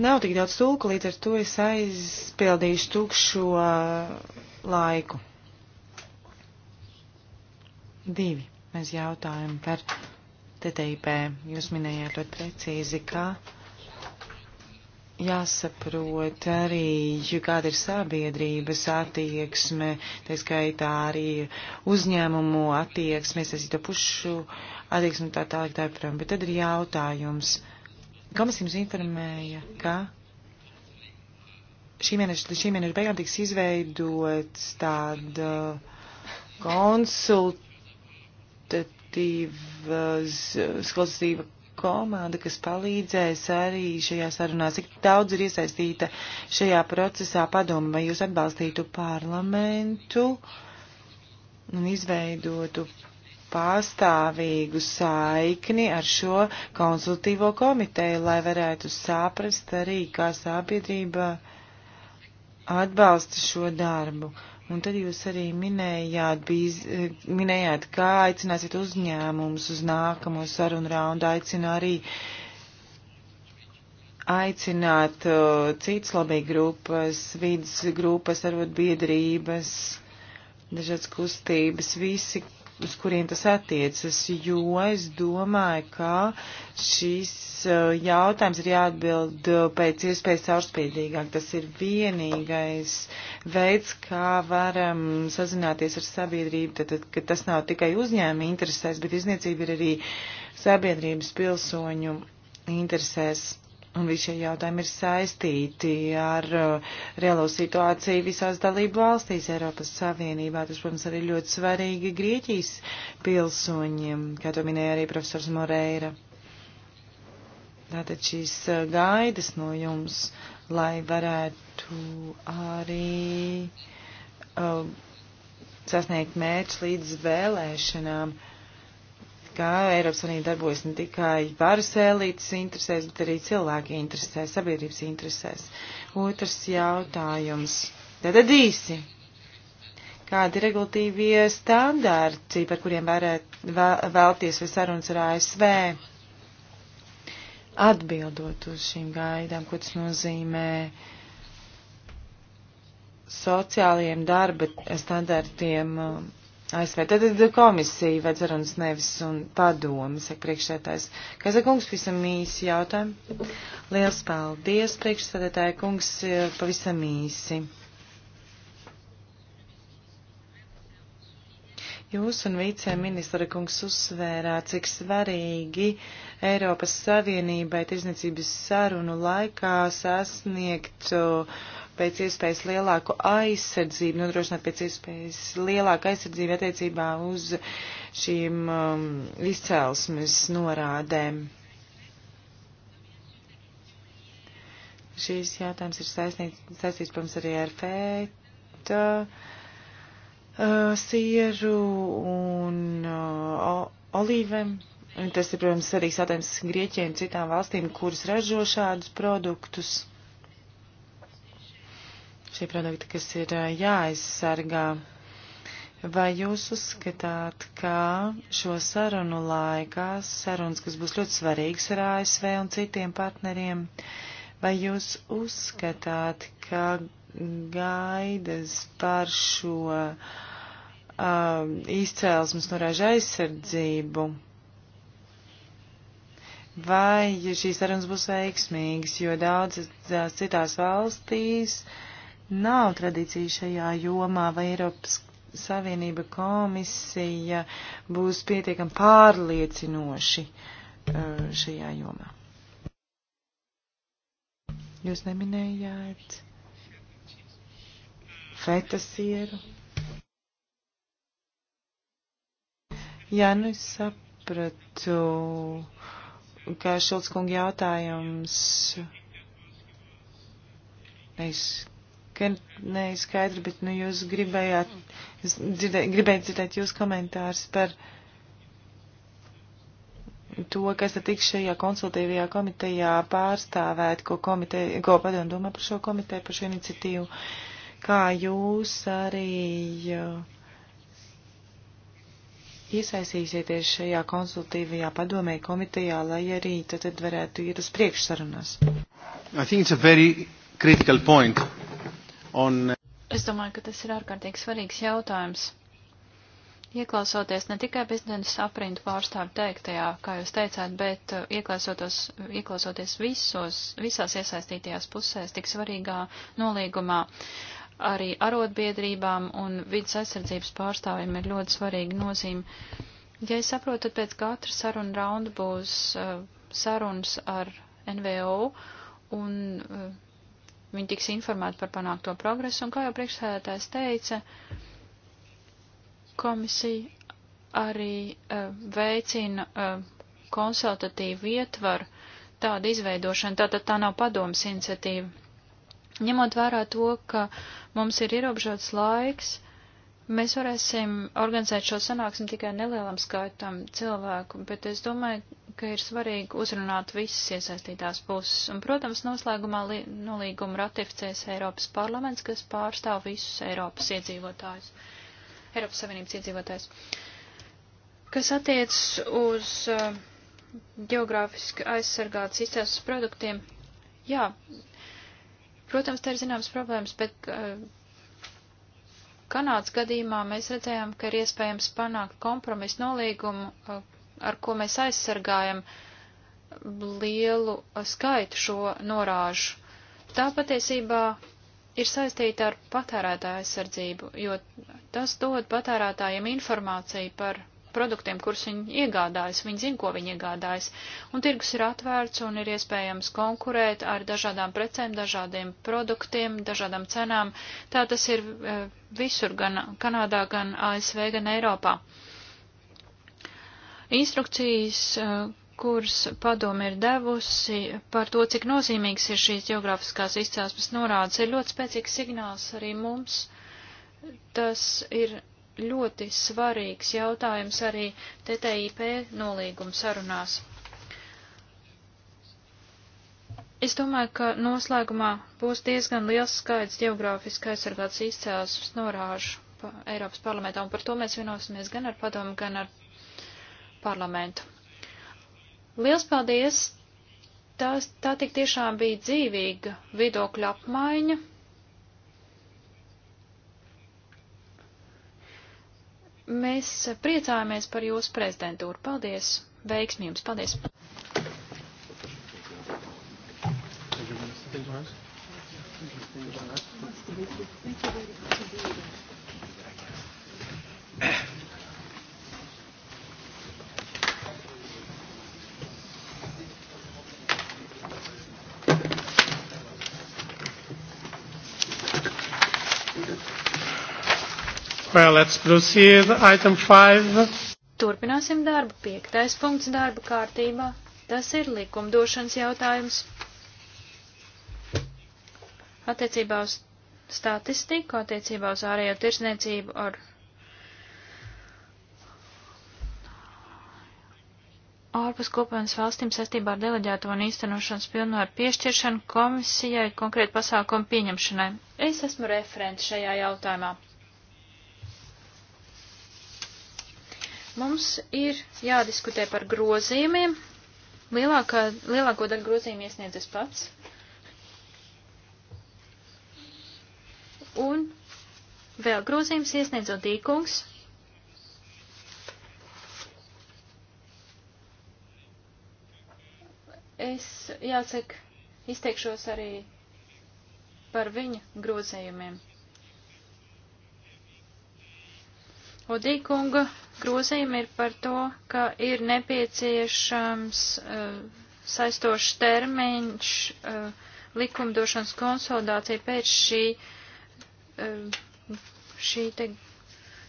S1: nav tik daudz tulku, līdz ar to es aizpildīšu tukšo uh, laiku. Divi mēs jautājam par TTIP. Jūs minējāt ļoti precīzi, ka jāsaprot arī, kāda ir sabiedrības attieksme, tā skaitā arī uzņēmumu attieksme, es esmu to pušu attieksme tā tālāk tā, tā, tā, tā, bet tad ir jautājums. Uh, Komisija mums informēja, ka šī mēneša, šī mēneša beigām tiks izveidots tāda konsultatīva komanda, kas palīdzēs arī šajā sarunā. Cik daudz ir iesaistīta šajā procesā padoma, vai jūs atbalstītu parlamentu un izveidotu pastāvīgu saikni ar šo konsultīvo komiteju, lai varētu saprast arī, kā sabiedrība atbalsta šo darbu. Un tad jūs arī minējāt, bīz, minējāt kā aicināsiet uzņēmumus uz nākamo sarunu raundu, aicinu arī aicināt uh, citas labīgi grupas, vidas grupas, arvot biedrības, dažādas kustības, visi, uz kuriem tas attiecas, jo es domāju, ka šis uh, jautājums ir jāatbild uh, pēc iespējas caurspīdīgāk. Tas ir vienīgais veids, kā varam sazināties ar sabiedrību, tad, tad, ka tas nav tikai uzņēma interesēs, bet izniecība ir arī sabiedrības pilsoņu interesēs. Un visi šie jautājumi ir saistīti ar uh, reālo situāciju visās dalību valstīs Eiropas Savienībā. Tas, protams, arī ļoti svarīgi Grieķijas pilsoņiem, kā to minēja arī profesors Moreira. Tātad šīs uh, gaidas no jums, lai varētu arī uh, sasniegt mērķi līdz vēlēšanām. Uh, ka Eiropas Unība darbojas ne tikai varas elites interesēs, bet arī cilvēki interesēs, sabiedrības interesēs. Otrs jautājums. Tātad īsi. Kādi regulatīvie standārti, par kuriem varētu vēlties vai sarunas ar ASV? Atbildot uz šīm gaidām, ko tas nozīmē sociālajiem darba standartiem ASV. Tad komisija vai dzerunas nevis un padomi, saka priekšsētājs. Kazakungs, visam īsi jautājumi. Liels paldies, priekšsēdētāja kungs, pavisam īsi. Jūs un viceministra kungs uzsvērāt, cik svarīgi Eiropas Savienībai tirzniecības sarunu laikā sasniegt uh, pēc iespējas lielāku aizsardzību, nodrošināt pēc iespējas lielāku aizsardzību attiecībā uz šīm um, izcelsmes norādēm. Šīs jautājums ir saistīts, protams, arī ar fēta uh, sieru un uh, olīvēm. Tas ir, protams, arī jautājums Grieķiem un citām valstīm, kuras ražo šādus produktus šie produkti, kas ir jāaizsargā. Vai jūs uzskatāt, ka šo sarunu laikā, sarunas, kas būs ļoti svarīgas ar ASV un citiem partneriem, vai jūs uzskatāt, ka gaidas par šo uh, izcēlesmes norāžu aizsardzību vai šīs sarunas būs veiksmīgas, jo daudzas citās valstīs nav tradīcija šajā jomā, vai Eiropas Savienība komisija būs pietiekami pārliecinoši eh, šajā jomā. Jūs neminējāt fetasieru? Jā, nu es sapratu, ka Šildskunga jautājums. Es ka neizskaidri, bet nu, jūs gribējāt, jūs dzirdē, gribējāt dzirdēt jūs komentārs par to, kas tad tiks šajā konsultīvajā komitejā pārstāvēt, ko, komiteja, ko padomu domā par šo komiteju, par šo iniciatīvu, kā jūs arī uh, iesaistīsieties šajā konsultīvajā padomē komitejā, lai arī tad, tad varētu iet uz priekšsarunās.
S3: I think it's a very critical point on... Es domāju, ka tas ir ārkārtīgi svarīgs jautājums. Ieklausoties ne tikai biznesa aprindu pārstāvu teiktajā, kā jūs teicāt, bet uh, ieklausoties visos, visās iesaistītajās pusēs, tik svarīgā nolīgumā, arī arotbiedrībām un vidas aizsardzības pārstāvjiem ir ļoti svarīga nozīme. Ja es saprotu, tad pēc katra saruna raunda būs uh, sarunas ar NVO un uh, Viņi tiks informēti par panākto progresu, un kā jau priekšsēdētājs teica, komisija arī uh, veicina uh, konsultatīvu ietvaru tādu izveidošanu, tātad tā nav padomas iniciatīva. Ņemot vērā to, ka mums ir ierobežots laiks, Mēs varēsim organizēt šo sanāksmi tikai nelielam skaitam cilvēku, bet es domāju, ka ir svarīgi uzrunāt visas iesaistītās puses. Un, protams, noslēgumā nolīgumu ratificēs Eiropas parlaments, kas pārstāv visus Eiropas iedzīvotājus, Eiropas Savienības iedzīvotājus. Kas attiec uz uh, geogrāfiski aizsargātas izcelsmes produktiem, jā, protams, te ir zināmas problēmas, bet. Uh, Kanādas gadījumā mēs redzējām, ka ir iespējams panākt kompromisu nolīgumu, eh, ar ko mēs aizsargājam lielu eh, skaitu šo norāžu. Tā patiesībā ir saistīta ar patērētāju aizsardzību, jo tas dod patērētājiem informāciju par produktiem, kurus viņi iegādājas. Viņi zina, ko viņi iegādājas. Un tirgus ir atvērts un ir iespējams konkurēt ar dažādām precēm, dažādiem produktiem, dažādām cenām. Tā tas ir e, visur, gan Kanādā, gan ASV, gan Eiropā. Instrukcijas, e, kuras padomi ir devusi par to, cik nozīmīgs ir šīs geogrāfiskās izcelsmes norādes, ir ļoti spēcīgs signāls arī mums. Tas ir ļoti svarīgs jautājums arī TTIP nolīguma sarunās. Es domāju, ka noslēgumā būs diezgan liels skaits geogrāfiski aizsargāts izcēlesmes norāžu pa Eiropas parlamentā, un par to mēs vienosimies gan ar padomu, gan ar parlamentu. Liels paldies! Tā, tā tik tiešām bija dzīvīga vidokļa apmaiņa. Mēs priecājamies par jūsu prezidentūru. Paldies! Veiksmi jums! Paldies!
S2: Thank you. Thank you. Thank you. Well, let's proceed. Item 5.
S3: Turpināsim darbu. Piektais punkts darba kārtībā. Tas ir likumdošanas jautājums. Attiecībā uz statistiku, attiecībā uz ārējo tirsniecību ar ārpus kopienas valstīm saistībā ar deleģēto un īstenošanas pilnvaru piešķiršanu komisijai konkrēti pasākumu pieņemšanai. Es esmu referents šajā jautājumā. Mums ir jādiskutē par grozījumiem. Lielākā, lielāko daļu grozījumu iesniedz es pats. Un vēl grozījums iesniedzot dīkungs. Es, jāsaka, izteikšos arī par viņa grozējumiem. Odīkunga grozījumi ir par to, ka ir nepieciešams uh, saistošs termiņš uh, likumdošanas konsolidācija pēc šī, uh, šī te,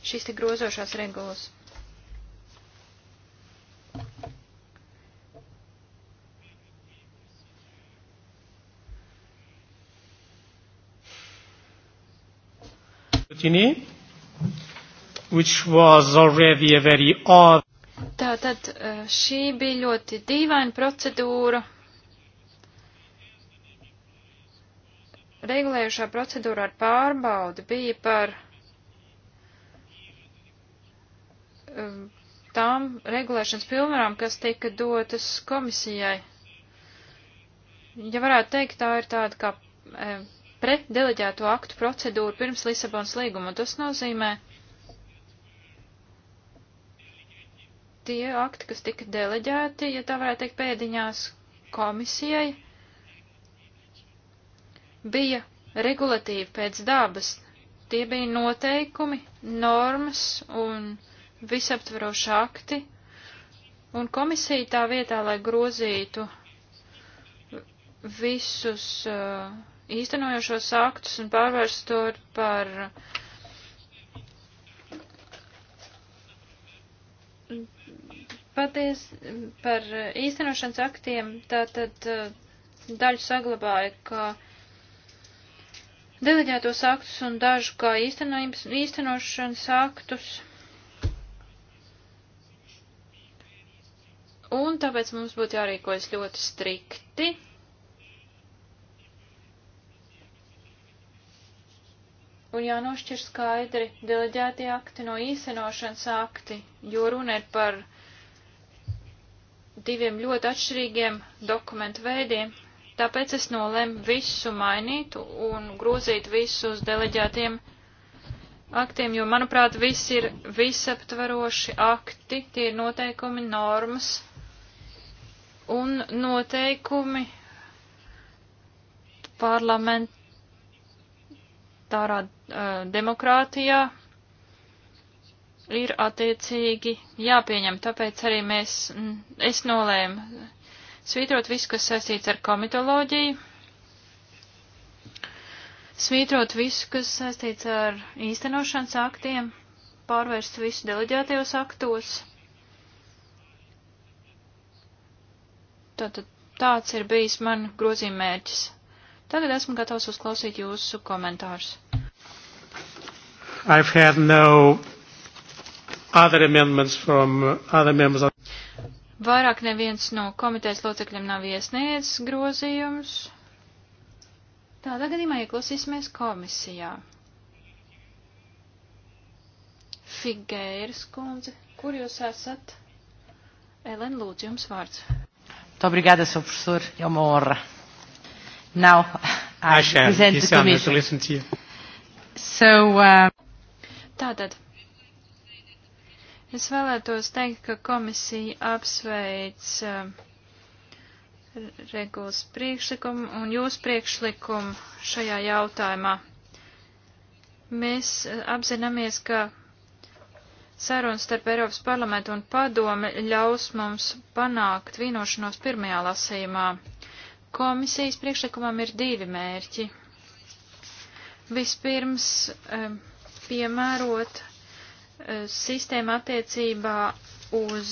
S3: šīs te grozošās regulas.
S2: Continue which was already a very odd.
S3: Tātad eh, šī bija ļoti dīvaina procedūra. Regulējušā procedūra ar pārbaudi bija par eh, tām regulēšanas pilnvarām, kas tika dotas komisijai. Ja varētu teikt, tā ir tāda kā eh, pret deleģēto aktu procedūra pirms Lisabonas līguma, tas nozīmē, tie akti, kas tika deleģēti, ja tā varētu teikt, pēdiņās komisijai, bija regulatīvi pēc dabas. Tie bija noteikumi, normas un visaptveroši akti, un komisija tā vietā, lai grozītu visus uh, īstenojošos aktus un pārvērst to par uh, Paties eh, par eh, īstenošanas aktiem, tātad eh, daļu saglabāja, ka deleģētos aktus un dažu kā īstenošanas aktus. Un tāpēc mums būtu jārīkojas ļoti strikti. un jānošķir skaidri deleģēti akti no īstenošanas akti, jo runa ir par diviem ļoti atšķirīgiem dokumentu veidiem, tāpēc es nolēmu visu mainīt un grozīt visu uz deleģētiem aktiem, jo, manuprāt, viss ir visaptvaroši akti, tie ir noteikumi, normas un noteikumi parlamentārā uh, demokrātijā, ir attiecīgi jāpieņem. Tāpēc arī mēs, mm, es nolēmu svītrot visu, kas saistīts ar komitoloģiju, svītrot visu, kas saistīts ar īstenošanas aktiem, pārvērst visu deleģētajos aktos. Tātad tāds ir bijis man grozījuma mērķis. Tagad esmu gatavs uzklausīt jūsu komentārus.
S2: I've had no other amendments from uh, other members.
S3: Vairāk neviens no komitejas locekļiem nav iesniedzis grozījumus. Tādā gadījumā ieklausīsimies komisijā. Figēras kundze, kur jūs esat? Elen, lūdzu, jums vārds.
S1: Obrigada, Sr. Professor. É uma honra. Now, I, I present the commission. To listen to you.
S2: So, um...
S3: Tātad, Es vēlētos teikt, ka komisija apsveic eh, regulas priekšlikumu un jūsu priekšlikumu šajā jautājumā. Mēs eh, apzināmies, ka sarunas starp Eiropas parlamentu un padomi ļaus mums panākt vienošanos pirmajā lasījumā. Komisijas priekšlikumam ir divi mērķi. Vispirms eh, piemērot sistēma attiecībā uz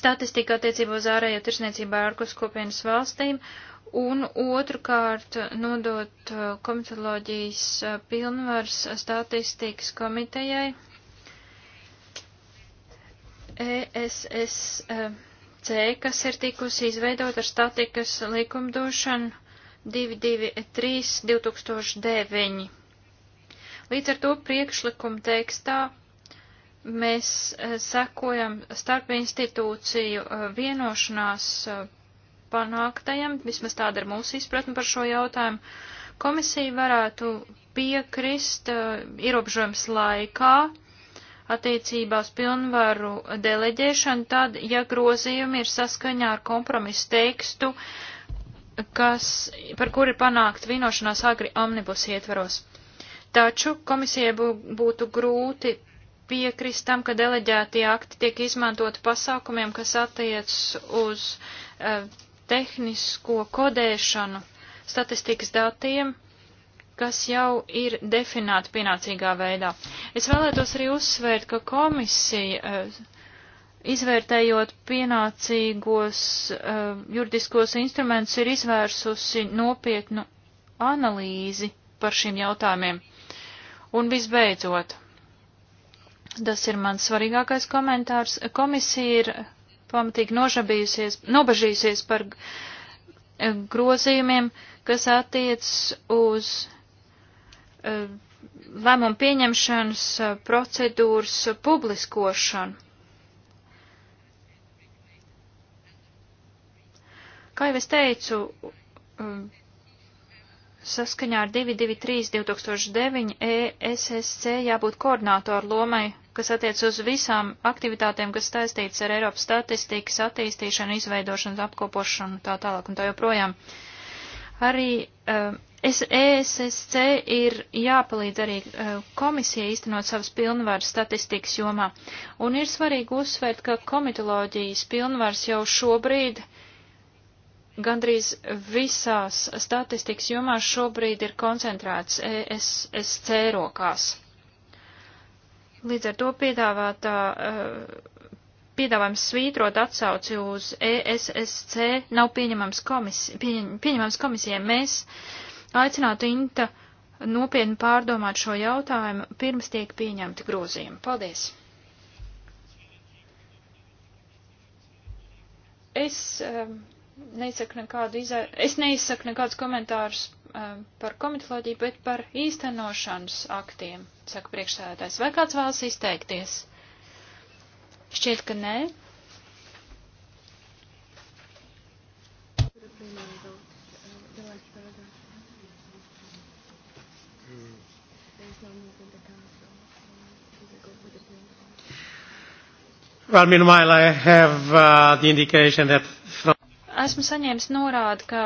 S3: statistiku attiecībā uz ārējo tirsniecību ārpus kopienas valstīm un otrkārt nodot uh, komitoloģijas uh, pilnvars statistikas komitejai ESSC, uh, kas ir tikusi izveidot ar statikas likumdošanu 223 2009. Līdz ar to priekšlikuma tekstā mēs eh, sekojam starp institūciju eh, vienošanās eh, panāktajam, vismaz tāda ir mūsu izpratne par šo jautājumu. Komisija varētu piekrist ierobežojums laikā attiecībā uz pilnvaru deleģēšanu, tad, ja grozījumi ir saskaņā ar kompromisu tekstu, kas, par kuri panākt vienošanās agri omnibus ietveros. Taču komisijai būtu grūti piekrist tam, ka deleģētie akti tiek izmantoti pasākumiem, kas attiec uz eh, tehnisko kodēšanu statistikas datiem, kas jau ir definēti pienācīgā veidā. Es vēlētos arī uzsvērt, ka komisija, eh, izvērtējot pienācīgos eh, juridiskos instrumentus, ir izvērsusi nopietnu analīzi par šiem jautājumiem. Un visbeidzot, tas ir mans svarīgākais komentārs, komisija ir pamatīgi nobažījusies par eh, grozījumiem, kas attiec uz eh, lēmumu pieņemšanas eh, procedūras publiskošanu. Kā jau es teicu, Saskaņā ar 223.2009 ESSC jābūt koordinātoru lomai, kas attiec uz visām aktivitātēm, kas saistītas ar Eiropas statistikas attīstīšanu, izveidošanu, apkopošanu tā tālāk un tā joprojām. Arī uh, eh, ESSC e ir jāpalīdz arī eh, komisija īstenot savas pilnvaras statistikas jomā, un ir svarīgi uzsvērt, ka komitoloģijas pilnvaras jau šobrīd uh, Gandrīz visās statistikas jomās šobrīd ir koncentrēts ESC rokās. Līdz ar to piedāvātā, eh, piedāvājums svītrot atsauci uz ESSC nav pieņemams, komisi, pieņem, pieņemams komisijai. Mēs aicinātu Inta nopietni pārdomāt šo jautājumu, pirms tiek pieņemti grozījumi. Paldies! Es um, neizsaku nekādu izā... es neizsaku nekādus komentārus um, par komitoloģiju, bet par īstenošanas aktiem, saka priekšsēdētājs. Vai kāds vēlas izteikties? Šķiet, ka nē.
S2: Well, meanwhile, I have uh, the indication that from
S3: Esmu saņēmis norādi, ka,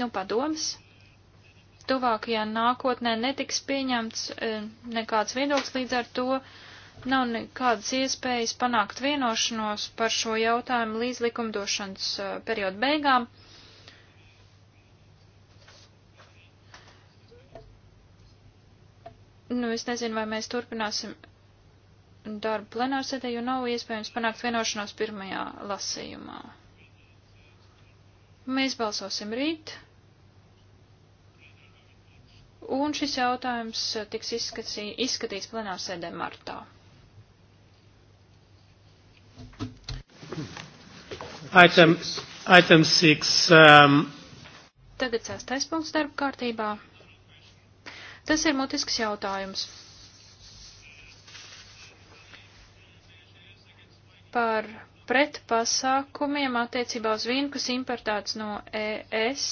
S3: nu, padoms, tuvākajā nākotnē netiks pieņemts e, nekāds viedoklis līdz ar to. Nav nekādas iespējas panākt vienošanos par šo jautājumu līdz likumdošanas e, perioda beigām. Nu, es nezinu, vai mēs turpināsim darbu plenārsēdē, jo nav iespējams panākt vienošanos pirmajā lasījumā. Mēs balsosim rīt, un šis jautājums tiks izskatī, izskatīts plenārsēdē martā.
S2: Item, item six, um...
S3: Tagad sastais punkts darba kārtībā. Tas ir mutisks jautājums par pretpasākumiem attiecībā uz vīnu, kas importēts no ES,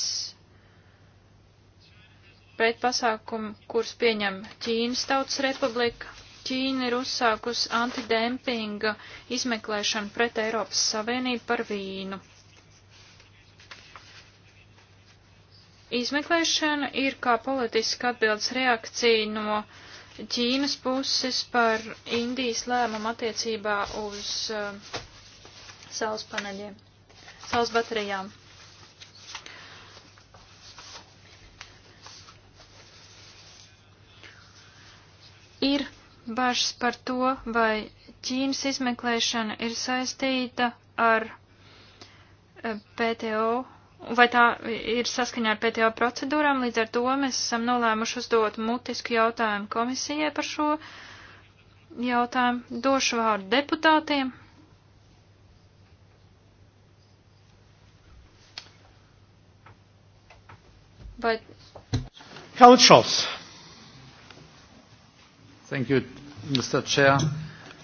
S3: pretpasākumu, kurus pieņem Ķīnas Tautas Republika. Ķīna ir uzsākus antidempinga izmeklēšanu pret Eiropas Savienību par vīnu. Izmeklēšana ir kā politiska atbildes reakcija no uh, Ķīnas puses par Indijas lēmumu attiecībā uz uh, saules paneļiem, saules baterijām. Ir bažas par to, vai Ķīnas izmeklēšana ir saistīta ar eh, PTO vai tā ir saskaņā ar PTO procedūrām, līdz ar to mēs esam nolēmuši uzdot mutisku jautājumu komisijai par šo jautājumu. Došu vārdu deputātiem.
S2: Vai...
S1: Helmut Scholz. Thank
S3: you, Mr. Chair.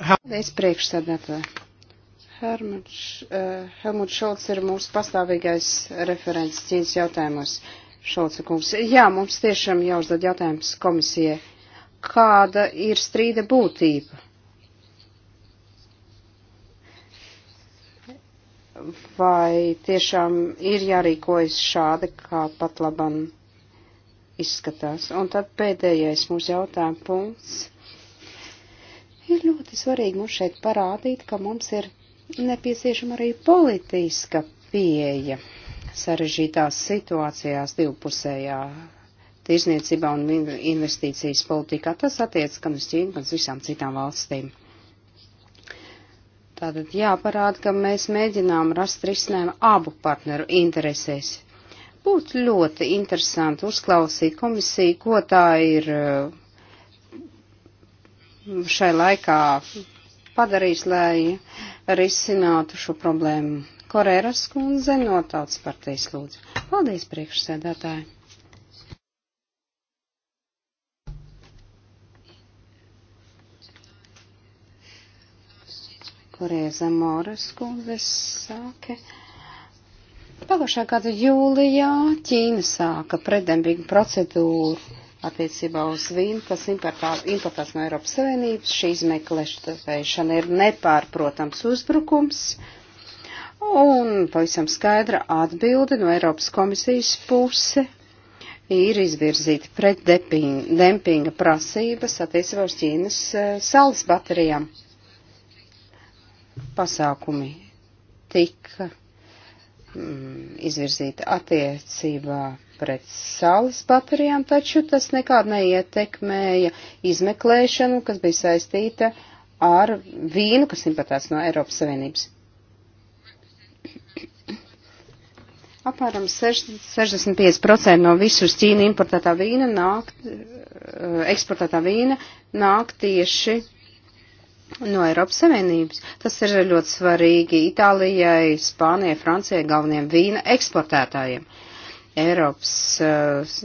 S2: How... Es priekšsēdētāju. Hermuts, uh, eh, Helmut Šolts ir mūsu pastāvīgais referents cīņas jautājumos. Šolca kungs. Jā, mums tiešām jāuzdod jautājums komisijai. Kāda ir strīda būtība? Vai tiešām ir jārīkojas šādi, kā pat labam izskatās? Un tad pēdējais mūsu jautājuma punkts. Ir ļoti svarīgi mums šeit parādīt, ka mums ir nepieciešama arī politiska pieeja sarežģītās situācijās divpusējā tirzniecībā un investīcijas politikā. Tas attiec gan uz Ķīnu, gan uz visām citām valstīm. Tātad jāparāda, ka mēs mēģinām rast risinājumu abu partneru interesēs. Būtu ļoti interesanti uzklausīt komisiju, ko tā ir eh, šai laikā padarījis, lai risinātu šo problēmu? Korēras kundze no tautas partijas lūdzu. Paldies, priekšsēdētāji! Korēza Moras kundze sāka. Pagājušā gada jūlijā Ķīna sāka pretdembīgu procedūru attiecībā uz vīnu, kas importēts no Eiropas Savienības. Šī izmeklēšana ir nepārprotams uzbrukums un pavisam skaidra atbilde no Eiropas komisijas puse ir izvirzīta pret dempinga prasības attiecībā uz Ķīnas eh, salas baterijām. Pasākumi tika mm, izvirzīti attiecībā pret saules baterijām, taču tas nekād neietekmēja izmeklēšanu, kas bija saistīta ar vīnu, kas importēts no Eiropas Savienības. (clears throat) Apmēram 65% no visus Ķīna importētā vīna nāk, eh, eksportētā vīna nāk tieši no Eiropas Savienības. Tas ir ļoti svarīgi Itālijai, Spānijai, Francijai, galveniem vīna eksportētājiem. Uh, Eiropas uh,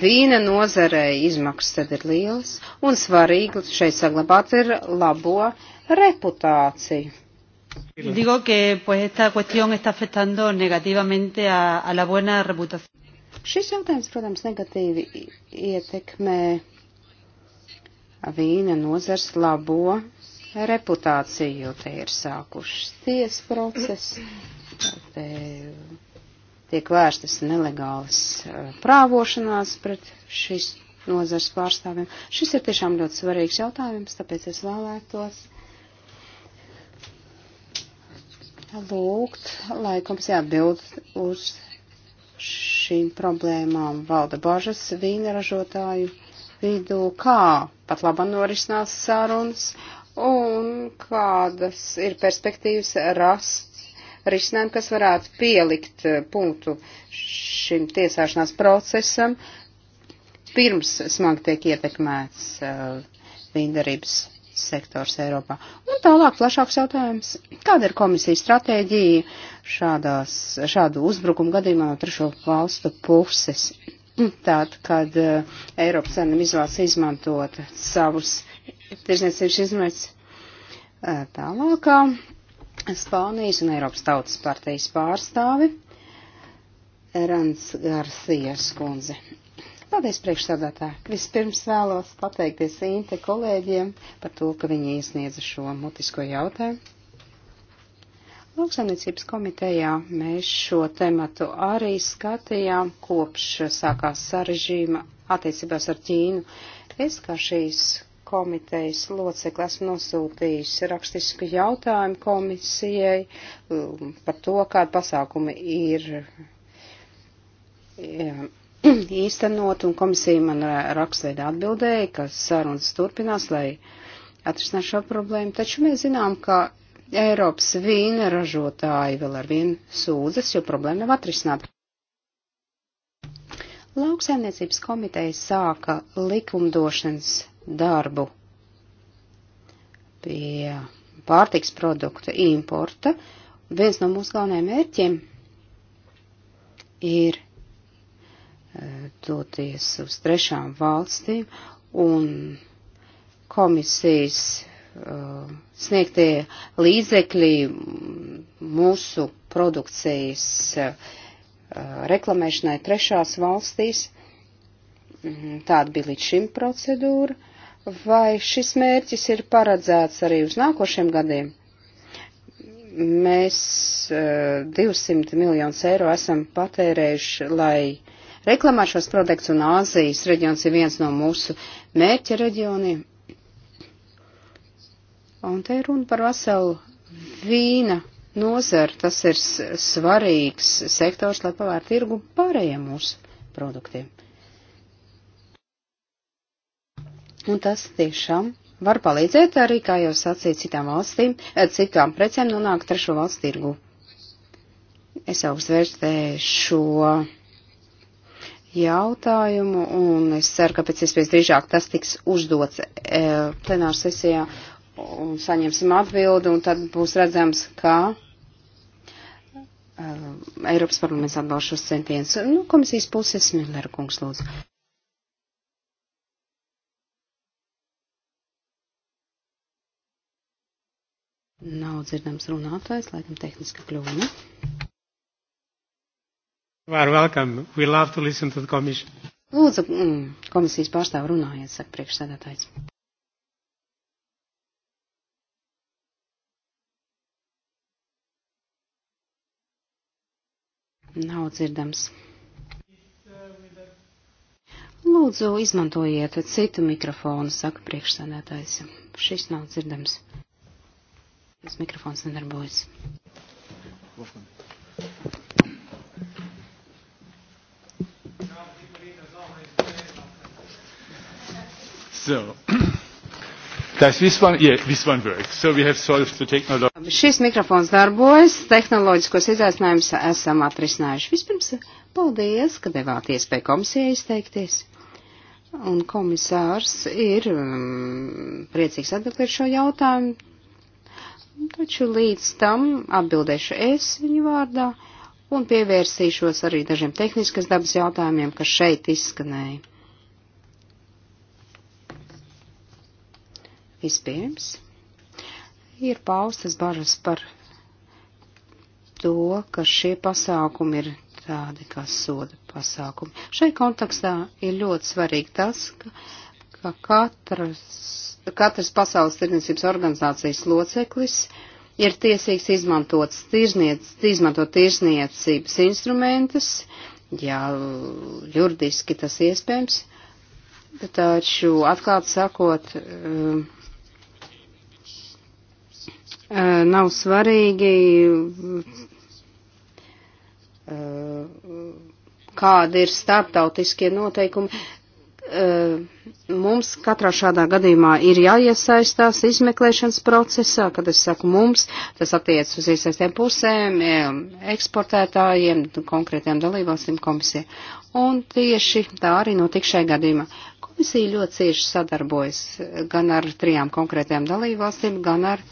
S2: vīna nozarei izmaksas tad ir lielas, un svarīgi šeit saglabāt ir labo reputāciju. Digo que
S3: pues esta cuestión está afectando negativamente a, a la buena reputación.
S2: Šis jautājums, protams, negatīvi ietekmē vīna nozars labo reputāciju, jo te ir sākušas tiesas procesi, te tiek vērstas nelegālas eh, prāvošanās pret šīs nozars pārstāvjiem. Šis ir tiešām ļoti svarīgs jautājums, tāpēc es vēlētos lūgt, lai komisija atbild uz šīm problēmām valda bažas vīneražotāju vidū, kā pat laba norisinās sarunas un kādas ir perspektīvas rast risinājumu, kas varētu pielikt eh, punktu šim tiesāšanās procesam, pirms smagi tiek ietekmēts uh, vīndarības sektors Eiropā. Un tālāk plašāks jautājums. Kāda ir komisijas stratēģija šādās, šādu uzbrukumu gadījumā no trešo valstu puses? Tātad, kad uh, Eiropas Savienība izvēlas izmantot savus tirzniecības izmērķus uh, tālākā Spānijas un Eiropas Tautas partijas pārstāvi Rans Garcijas kundze. Paldies priekšsādātā. Vispirms vēlos pateikties Inte kolēģiem par to, ka viņi iesniedza šo mutisko jautājumu. Lauksaimniecības komitejā mēs šo tematu arī skatījām kopš sākās sarežģījuma attiecībās ar Ķīnu. Es kā šīs komitejas locekli esmu nosūtījis rakstisku jautājumu komisijai um, par to, kāda pasākuma ir jā, um, (clears throat) īstenot, un komisija man uh, rakstveidā atbildēja, ka sarunas turpinās, lai atrisināt šo problēmu, taču mēs zinām, ka Eiropas vīna ražotāji vēl ar vienu sūdzas, jo problēma nav atrisināta. Lauksaimniecības komiteja sāka likumdošanas darbu pie pārtiks produktu importa, viens no mūsu galvenajiem mērķiem ir e, doties uz trešām valstīm un komisijas uh, sniegtie līdzekļi mūsu produkcijas uh, reklamēšanai trešās valstīs. Mm, tāda bija līdz šim procedūra vai šis mērķis ir paredzēts arī uz nākošiem gadiem? Mēs 200 eh, miljonus eiro esam patērējuši, lai reklamētu šos produktus, un Āzijas reģions ir viens no mūsu mērķa reģioniem. Un te ir runa par veselu vīna nozaru. Tas ir svarīgs sektors, lai pavērtu tirgu pārējiem mūsu produktiem. Un tas tiešām var palīdzēt arī, kā jau sacīja, citām valstīm, eh, citām precēm nonāk trešo valstu tirgu. Es augstvērtēju šo jautājumu, un es ceru, ka pēc iespējas drīzāk tas tiks uzdots e, eh, plenāru sesijā, un saņemsim atbildi, un tad būs redzams, kā e, Eiropas parlaments atbalst šos centienus. Nu, komisijas puses, Miller kungs, lūdzu. Nav dzirdams runātājs, laikam tehniska kļūme. To Lūdzu, mm, komisijas pārstāv runājiet, saka priekšsēdētājs. Nav dzirdams. Lūdzu, izmantojiet citu mikrofonu, saka priekšsēdētājs. Šis nav dzirdams. Tas mikrofons nedarbojas.
S1: So. Tas viss man, yeah, this one works. So we have solved the technology.
S2: Šis mikrofons darbojas, tehnoloģiskos izaicinājumus esam atrisinājuši. Vispirms, paldies, ka devāt iespēju komisijai izteikties. Un komisārs ir um, priecīgs atbildēt šo jautājumu taču līdz tam atbildēšu es viņu vārdā un pievērsīšos arī dažiem tehniskas dabas jautājumiem, kas šeit izskanēja. Vispirms ir paustas bažas par to, ka šie pasākumi ir tādi kā soda pasākumi. Šai kontekstā ir ļoti svarīgi tas, ka ka katras, katras pasaules tirdzniecības organizācijas loceklis ir tiesīgs izmantot, tirzniec, izmantot tirzniecības instrumentus, ja juridiski tas iespējams, taču atklāt sakot, um, uh, nav svarīgi, uh, kāda ir starptautiskie noteikumi Eh, mums katrā šādā gadījumā ir jāiesaistās izmeklēšanas procesā, kad es saku mums, tas attiec uz iesaistēm pusēm, eh, eksportētājiem, nu, konkrētiem dalībvalstīm komisija. Un tieši tā arī notika šajā gadījumā. Komisija ļoti cieši sadarbojas eh, gan ar trijām konkrētajām dalībvalstīm, gan ar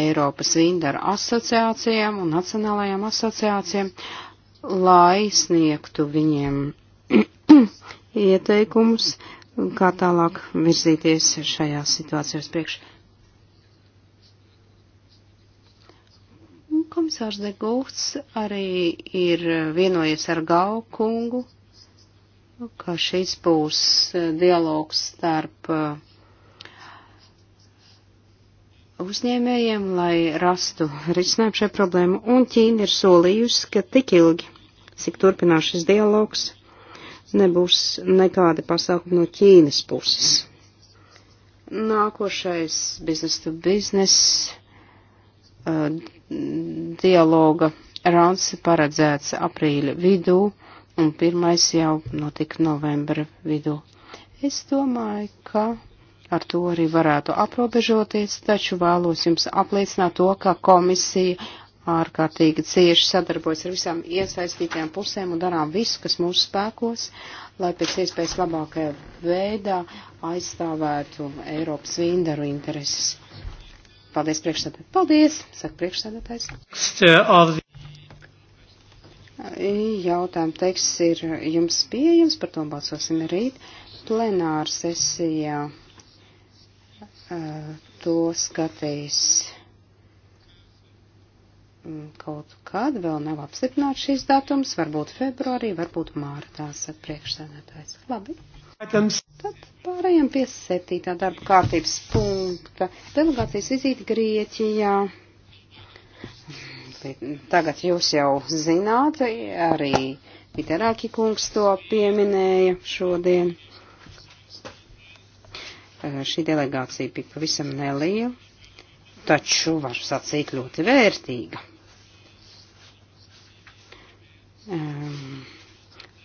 S2: Eiropas Vindaru asociācijām un nacionālajām asociācijām, lai sniegtu viņiem (clears throat) ieteikumus, kā tālāk virzīties šajās situācijās priekš. Komisārs Degūts arī ir vienojies ar Gau kungu, ka šis būs eh, dialogs starp eh, uzņēmējiem, lai rastu risinājumu šai problēmu, un Ķīna ir solījusi, ka tik ilgi, cik turpinās šis dialogs, nebūs nekādi pasākumi no Ķīnas puses. Nākošais biznes to biznes uh, dialoga rauns paredzēts aprīļa vidū un pirmais jau notika novembra vidū. Es domāju, ka ar to arī varētu aprobežoties, taču vēlos jums apliecināt to, ka komisija ārkārtīgi cieši sadarbojas ar visām iesaistītajām pusēm un darām visu, kas mūsu spēkos, lai pēc iespējas labākajā veidā aizstāvētu Eiropas vīndaru intereses. Paldies priekšsēdētājai. Paldies, saka priekšsēdētājs. Jautājumu teksts ir jums pieejams, par to balsosim rīt. Plenāra sesijā eh, to skatīs. Mm, kaut kad vēl nav apstiprināts šīs datums, varbūt februārī, varbūt mārtā, saka priekšsēdētājs. Labi. Atams. Tad pārējām pie septītā darba kārtības punkta. Delegācijas vizīte Grieķijā. Tagad jūs jau zināt, arī Piterāki kungs to pieminēja šodien. Šī delegācija bija pavisam neliela taču, var sacīt, ļoti vērtīga.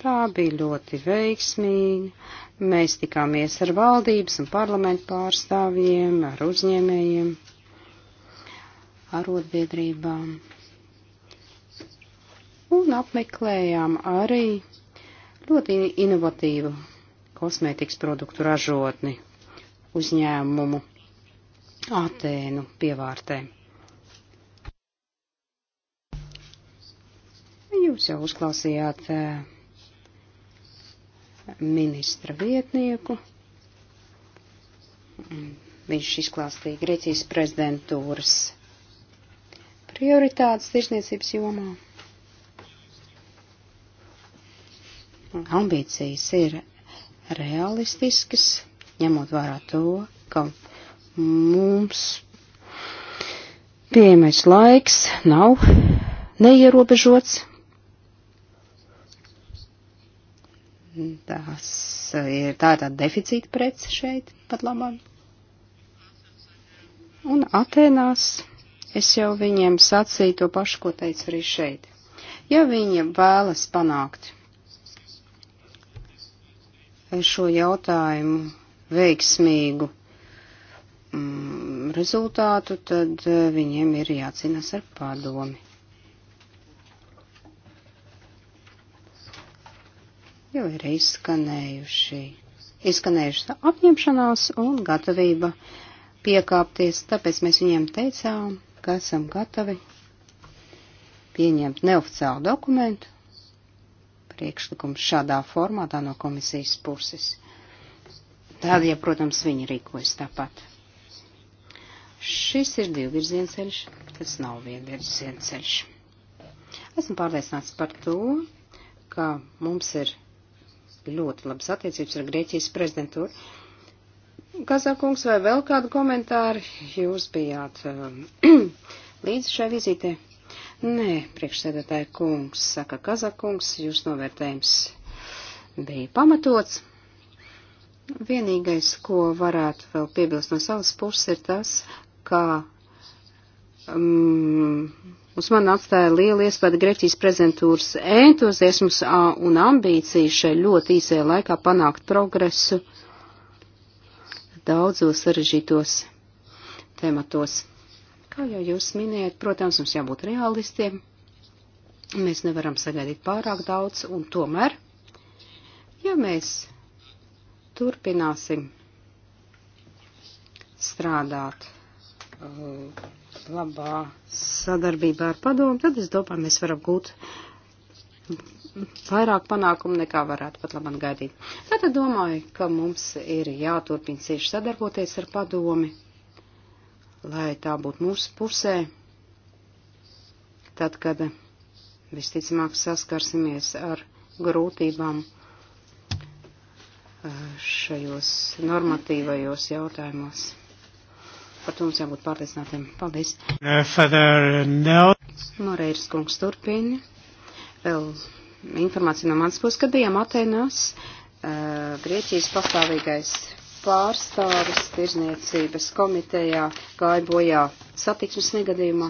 S2: Tā bija ļoti veiksmīga. Mēs tikāmies ar valdības un parlamentu pārstāvjiem, ar uzņēmējiem, arotbiedrībām. Un apmeklējām arī ļoti inovatīvu kosmētikas produktu ražotni uzņēmumu Atēnu pievārtēm. Jūs jau uzklausījāt eh, ministra vietnieku. Viņš izklāstīja Grieķijas prezidentūras prioritātes tirsniecības jomā. Ambīcijas ir realistiskas, ņemot vērā to, ka mums pieejamais laiks nav neierobežots, Tas eh, ir tāda deficīta prece šeit pat labāk. Un Atenās es jau viņiem sacīju to pašu, ko teicu arī šeit. Ja viņi vēlas panākt šo jautājumu veiksmīgu mm, rezultātu, tad eh, viņiem ir jācīnās ar padomi. jo ir izskanējuši, izskanējuši apņemšanās un gatavība piekāpties, tāpēc mēs viņiem teicām, ka esam gatavi pieņemt neoficiālu dokumentu, priekšlikumu šādā formātā no komisijas puses. Tad, ja, protams, viņi rīkojas tāpat. Šis ir divvirziena ceļš, tas nav vienvirziena ceļš. Esmu pārliecināts par to, ka mums ir ļoti labas attiecības ar Grieķijas prezidentūru. Kazakungs, vai vēl kādu komentāru jūs bijāt um, (clears throat) līdz šai vizītē? Nē, priekšsēdētāji kungs, saka Kazakungs, jūs novērtējums bija pamatots. Vienīgais, ko varētu vēl piebilst no savas puses, ir tas, ka mm, Uz mani atstāja liela iespēja Grieķijas prezentūras entuziasms un ambīcija šai ļoti īsajā laikā panākt progresu daudzos sarežģītos tematos. Kā jau jūs minējat, protams, mums jābūt realistiem. Mēs nevaram sagaidīt pārāk daudz, un tomēr, ja mēs turpināsim strādāt. Uh, labā sadarbībā ar padomu, tad es domāju, mēs varam gūt vairāk panākumu nekā varētu pat labam gaidīt. Tātad domāju, ka mums ir jāturpina cieši sadarboties ar padomi, lai tā būtu mūsu pusē, tad, kad visticamāk saskarsimies ar grūtībām eh, šajos normatīvajos jautājumos. Par to mums jābūt pārliecinātiem. Paldies. Uh, Further, no. Moreiras kungs turpina. Vēl informācija no manas puses, kad bijām Atenās. Uh, Grieķijas pastāvīgais pārstāvis tirzniecības komitejā gāja bojā satiksmes negadījumā.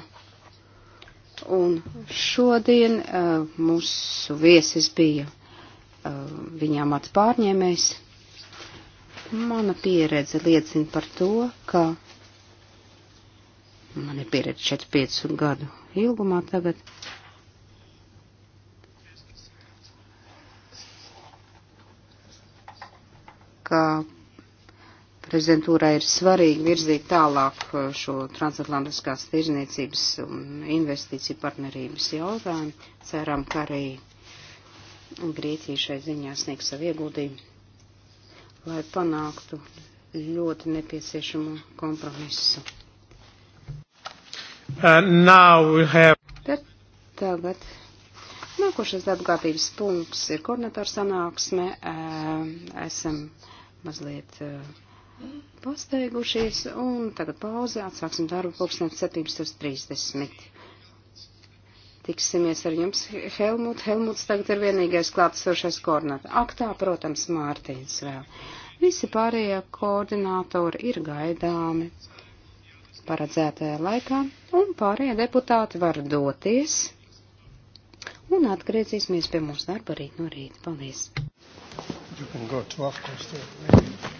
S2: Un šodien uh, mūsu viesis bija uh, viņām atpārņēmējs. Mana pieredze liecina par to, ka Man ir pieredze 45 gadu ilgumā tagad. Kā prezidentūrai ir svarīgi virzīt tālāk uh, šo transatlantiskās tirzniecības un investīciju partnerības jautājumu. Ceram, ka arī Grieķija šai ziņā sniegs savu ieguldījumu, lai panāktu ļoti nepieciešamo kompromisu. Uh, now we have... Tad tagad nākošais darbkārtības punkts ir koordinatora sanāksme. Uh, esam mazliet uh, pasteigušies un tagad pauze. Atsāksim darbu pulkstens 17.30. Tiksimies ar jums, Helmut. Helmuts tagad ir vienīgais klātesošais koordinators. Ak tā, protams, Mārtiņš vēl. Visi pārējie koordinatori ir gaidāmi paredzētajā laikā, un pārējie deputāti var doties, un atgriezīsimies pie mūsu darba rīt no rīta. Paldies! You can go to, of course, to maybe.